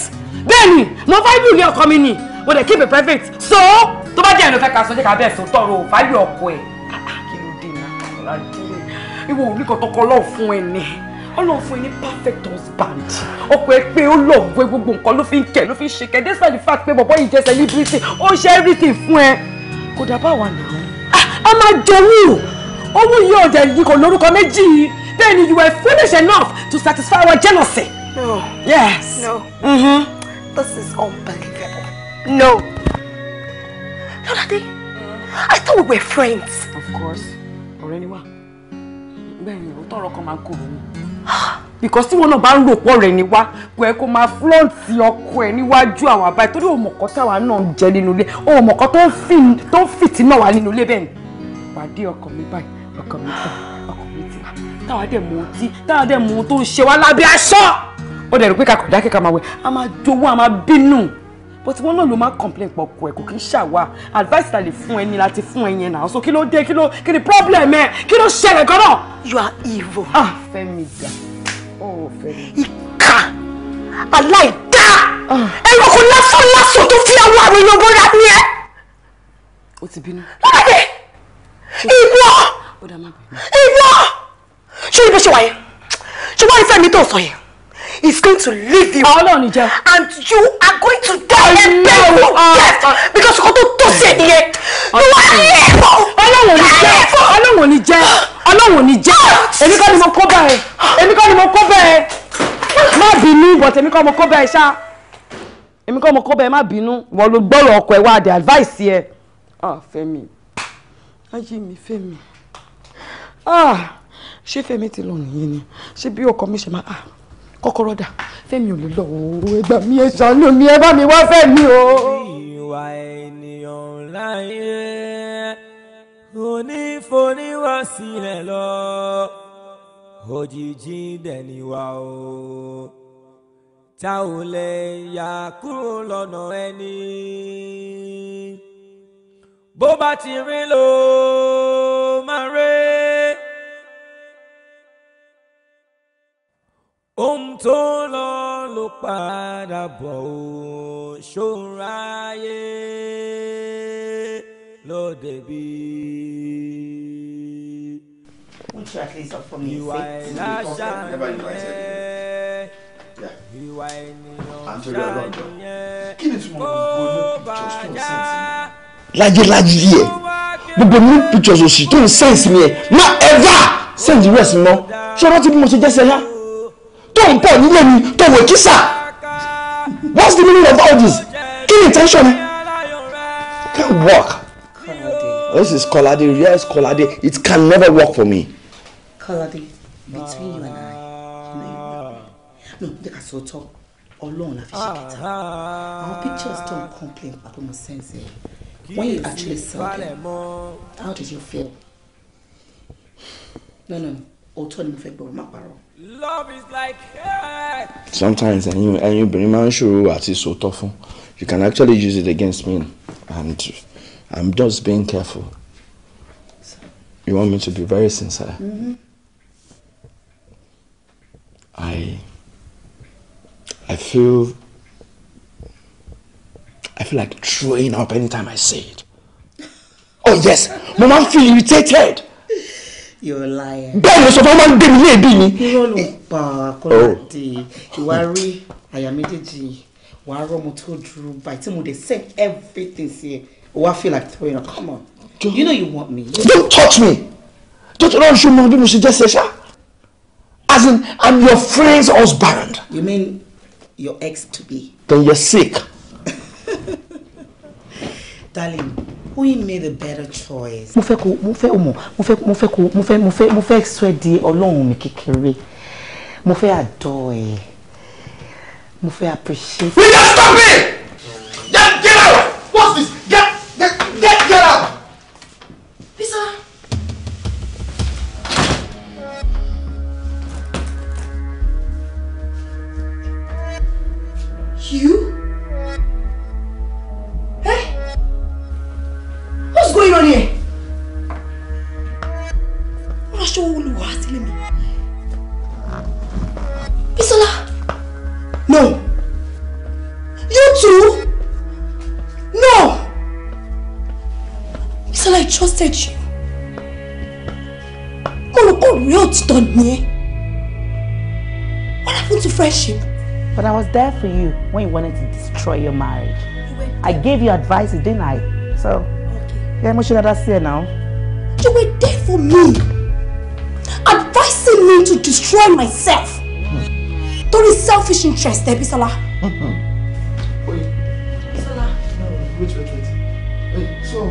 bẹ́ẹ̀ ni mo fáìlì ilé ọkọ mi ni mo dẹ̀ keep it private so tó bá jẹ́ ẹ̀ ló fẹ́ ka sọ jẹ́ ká bẹ́ẹ̀ sọ tọrọ fáìlì ọkọ ẹ̀ ah, ah, kí ló dé náà kọ́lá dé ìwọ olùkọ́ tọkọ lọ́ọ̀ fún ẹ ní ọlọ́run fún ẹ ní perfect husband ọkọ ẹ pé ó lọ gbé gbogbo nǹkan ló fi ń kẹ ló fi ń ṣe kẹ despite the fact pé bọ̀bọ́ yìí jẹ́ celebrity ó ṣe everything fún ẹ kódà báwa náà ah, a máa jẹ wúrò owó yìí ọ̀dẹ̀ yìí kò lórúkọ méjì yìí then you were foolish enough to satisfy our jealousy. No. Yes. No. Mm-hmm. This is unbelievable. No. No, Daddy. I thought we were friends. Of course. Ọ̀rẹ́ ni wá. Bẹ́ẹ̀ ni, òótọ́ ọ̀rọ̀ kan *gasps* Because you want to ban ń rò pọ̀ rẹ̀ come wá, kò ẹ kó máa flaunt ọkọ ẹ̀ níwájú àwọn àbáyé torí òmọ̀kọ́ non jelly ń jẹ nínú ilé, òmọ̀kọ́ tó ń fìtì náà wà nínú ilé bẹ́ẹ̀ ni. Pàdé ọkàn mi báyìí, ọkàn táwa dẹ̀ mọ̀ tí táwa dẹ̀ mọ̀ tó ṣe wá lábẹ́ aṣọ ó dẹ̀ rò pé kakọ̀ dákẹ́ máa wẹ̀ a máa jowó a máa bínú but wọn náà ló máa complain pọ̀ kọ̀ ẹ̀ kò kí ń ṣàwà advice ta lè fún ẹni láti fún ẹ yẹn náà so kí ló dé kí ló kí ni problem ẹ kí ló ṣẹlẹ̀ gan-an. you are evil. ah fẹ́mi ga oh fẹ́mi. ìkà aláìdá ẹranko lásán lásán tó fi àwọn àwọn èèyàn bọ́ra ni ẹ. o ti bínú. lọ́dẹ̀ ìwọ ìwọ ṣé ibi ṣe wà yẹn ṣùgbọ́n ìfẹ́ mi tó sọ yẹn is going to leave you. Ọlọ́run ni jẹ́. And you are going to die a painful ah. death because kò tó tó ṣe nìyẹn. Ah. Ọlọ́run ni jẹ́. Ọlọ́run ni jẹ́. Ọlọ́run ni jẹ́. Èmi kọ́ ni mo kó bẹ́ẹ̀. Èmi kọ́ ni mo kó bẹ́ẹ̀. Má bínú but èmi kọ́ mo kó bẹ́ẹ̀ ṣá. Èmi kọ́ mo kó bẹ́ẹ̀ má bínú. Wọ́n ló gbọ́rọ̀ ọkọ ẹ̀ wá the advice yẹ. Ah Fẹ́mi, ayé mi Fẹ́mi. Ah ṣé fẹ́mi ti lọ nìyí ni ṣé bí ọkọ mi ṣe máa ah kọ́kọ́rọ́ dà fẹ́mi ò lè lọ o ẹ gbà ẹ ṣàánú mi ẹ bá mi wá fẹ́mi o. ìwà ènìyàn láyé onífoníwá sílẹ̀ lọ òjijì dẹ̀niwá o tá ò lè yà kúrò lọ́nà ẹni bó bá ti rí ló máa rí. ohun tó lọ ló padà bọ̀ ó ṣòra ayé ló débi. Won't you at least offer me a seat? Never you like it. Yeah. Antori Alojo, kí ni túmọ̀ gbogbo ní pictures tó ń sẹ́ǹsì mi? Lájẹ́lájẹ́ yẹ, gbogbo ní pictures òsì send the rest mọ́, ṣé ọlọ́tí bí mo ṣe jẹ́ sẹ́yà? tó ń pọ̀ nílé mi tó wò kí sà what's the meaning of all this kí ni intention ẹ can't work this is Kolade yes Kolade it can never work for me. Kolade between you and I no jẹ́ ká sọ tọ́ ọlọ́run la fi ṣe our pictures don complain papa mo sense it eh? when you actually sell them how did you feel no no òótọ́ ni mo fẹ́ gbọ́ má parọ́ sometimes ẹ̀yin ẹ̀yin obìnrin máa ń ṣòro àti sòótọ́ fún you can actually use it against me and I'm just being careful you want me to be very sincere mm-hmm. I I feel I feel like throwing up anytime I say it *laughs* oh yes mo máa feel irritated bẹ́ẹ̀ ló sọ fún ọ máa ń gbé mi ní èébì ni. irọ́ ló pa Kọ́ládé oh. ìwà rí àyà méjèèjì wàá rọ́mọ tó dúró báyìí tí mo dey set everything sí ẹ wàá feel like you know. come on you know you want me. don't touch me don't run me bí mo ṣe jẹ́ ṣe ṣá as in i'm your friend's husband. you mean your ex to be. then you're sick. *laughs* darling we made a better choice. mo fẹ́ kó mo fẹ́ mo fẹ́ mo fẹ́ mo fẹ́ mo fẹ́ mo di ọlọ́run mi kékeré mo fẹ́ adore mo fẹ́ appreciate. we just stop it. there for you when you wanted to destroy your marriage. You I gave you advice, didn't I? So, okay. you're emotional that's here now. You were there for me, advising me to destroy myself. Mm-hmm. Torí selfish interest, Debisola. Mm-hmm. *laughs* Wait. Bisola. No, wait, wait, wait. Wait, so,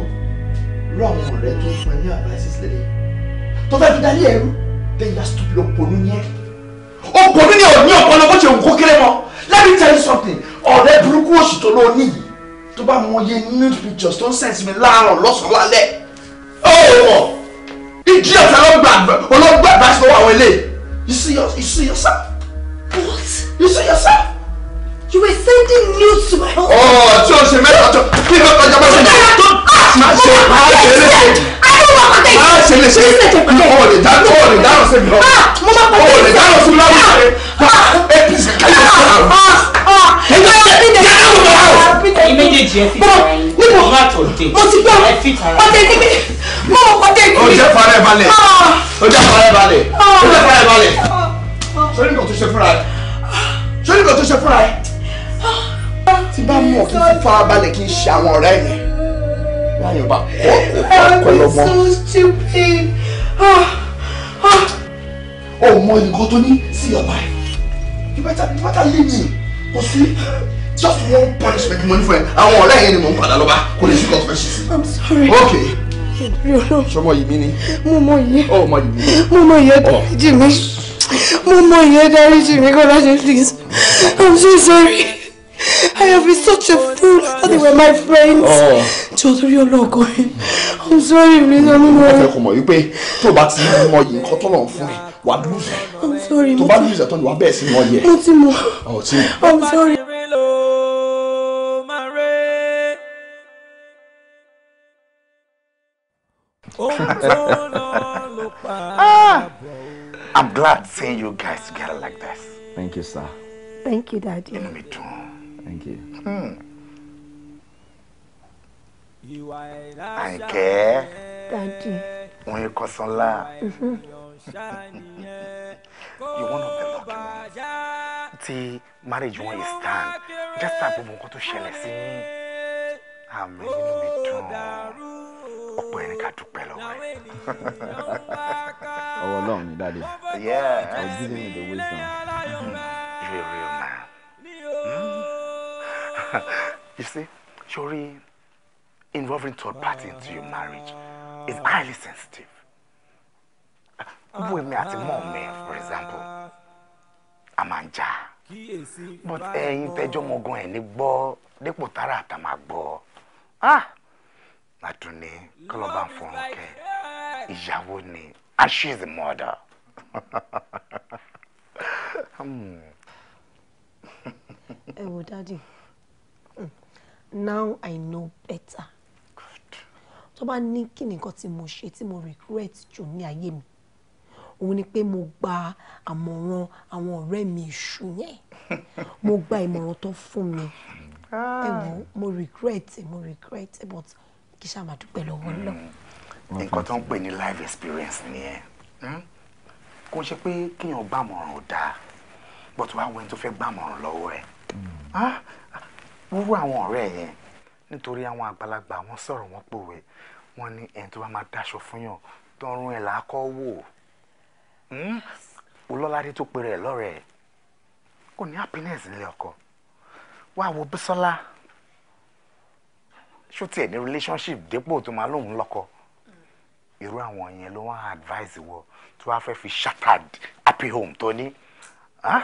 wrong one, right? Don't find your advice, this lady. Tó fẹ́ fi then that's stupid ọ̀pọ̀ ní ẹ̀. Ọ̀pọ̀ ní ẹ̀ ò ní ọ̀pọ̀ lọ bó ṣe ń kó kéré mọ́ let me tell you something ọ̀rẹ́ burúkú òṣì tó lọ níyì tó bá mọye nude pictures tó ń sẹ́ǹsì mi láàárọ̀ lọ́sàn-án lálẹ́ ọ̀ọ́ idiot ọlọ́gbà ọlọ́gbà advice lọ́wọ́ àwọn ilé you see your you see yourself. what you see yourself. you were sending nudes to my home. ọ̀ oh, tí o ṣe mẹ́ta tó kí ló kọjá bá ṣe. ọ̀tẹ̀ níbi mo ọ̀tẹ̀ níbi. o jẹ́ fara ẹ̀ balẹ̀ ah. o jẹ́ fara ẹ̀ balẹ̀ ah. o fara ẹ̀ balẹ̀ sórí ah. nǹkan tó ṣe fúnra ẹ̀ sórí nǹkan tó ṣe fúnra ẹ̀ tí bá mọ̀ kí n fara balẹ̀ kí n ṣe àwọn ọ̀rẹ́ yẹn láyé ọba kọ́ ọ̀pọ̀ lọ́mọ. o mọ nǹkan tó ní sí ọba ẹ̀ you better you better leave me kò sí just one punishment mo ní fún ẹ àwọn ọ̀rẹ́ yẹn ni mò ń padà lọ́ba kò i'm sorry. okay. sọmọ yìí mi ni. mo mọ iye. ọ mọ yìí mi. mo mọ iye oh. dáríjì mi mo mọ iye dáríjì mi Kọ́láṣe please i'm so sorry i have been such a fool they were my friends. Oh. jọ torí ọlọ́ọ̀kọ́ yẹn i'm sorry please i'm sorry. ọ̀fẹ́ kò mọ̀ wípé tó o bá ti mọ yìí nǹkan tó lọ́n fún ẹ wàá lùzẹ̀ tó bá lùzẹ̀ tán ni wàá bẹ̀ẹ̀ sí mọ yẹ. mo ti mọ oh, i'm sorry. ah, I'm glad seeing you guys together like this. Thank you, sir. Thank you, Daddy. You know me too. Thank you. I hmm. care, Daddy. When Wọ́n yẹ Kọ́sánlá. Mm-hmm. You wanna be lucky one. Tí marriage wọn yìí stand, just tap gbogbo nǹkan tó ṣẹlẹ̀ sí yín. Àmì inú mi dùn bọ̀ yẹn ni ká dúpẹ́ lọ́wọ́ ẹ̀. *laughs* ọwọ́ ọlọ́run ni dáadé. yeah I give him the wisdom. you a real man. Mm. *laughs* you see surely involving third party into your marriage is highly sensitive. gbogbo èmi àti mọ́ mi for example a máa ń jà but ẹ̀yin tẹjọ́ mọ́gán ẹ̀ ní gbọ́ dípò tára àtàmà gbọ́ ah. Maduni Kolobanfunke ìyàwó ni and she the mother. *laughs* Hmm. *laughs* ẹ wo dádì hmm. now I know better tó bá ní kí nìkan tí mo ṣe tí mo regret jù ní ayé mi òun ni pé mo gba àmọ̀ràn àwọn ọ̀rẹ́ mi èṣù yẹn *laughs* mo gba ìmọ̀ràn tó fún mi ah. ẹ wo mo regret mo regret but kí sáà máa dúpẹ́ lọ́wọ́ lọ. Hmm. nǹkan tó ń pè ní life experience nìyẹn hmm? kò ṣe pé kéèyàn gbàmọ̀ràn ò dáa bó ti wá wo ẹni tó fẹ́ gbàmọ̀ràn lọ́wọ́ ẹ̀ hmm. ah! wúrú àwọn ọ̀rẹ́ yẹn nítorí àwọn àgbàlagbà wọn sọ̀rọ̀ wọn pòwe wọn ní ẹni tó bá máa dáṣọ fún yàn tọrùn ẹ̀ làákọ́ wò olóládé tó pe rẹ̀ lọ́rẹ̀ẹ́ kò ní happiness nílé ọkọ wá wo Bísọ́lá ṣó tiẹ̀ ní relationship dépò tó máa lóun lọ́kọ irú àwọn yẹn ló wá advice wọ tó wá fẹ́ fi shattered happy home tó ní. Ah!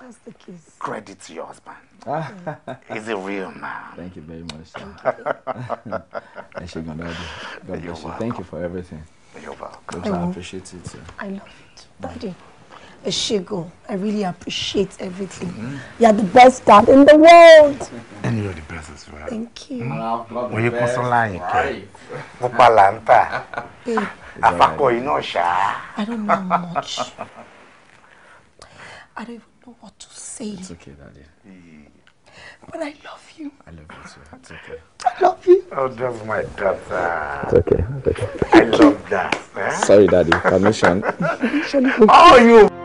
That's the case. Credit to your husband. Ah. *laughs* He's a real man. Thank you very much. Thank you. *laughs* God bless you. Thank you for everything. You're welcome. I appreciate it. I love it. Daddy. Eshigo, I really appreciate everything. Mm-hmm. You're the best dad in the world. And you're the best as well. Thank you. Mm-hmm. Wọ́n yẹ kó sọ́lá yìí kẹ́. Pupa là ń tà. Afakọ̀ iná ṣá. I don't know much. I don't even know what to say. It's okay, Daddy. But I love you. I love you too. It's okay. I love you. Oh, that's my daughter. It's okay. It's okay. I love that. Eh? Sorry, Daddy. Permission. *laughs* oh, you.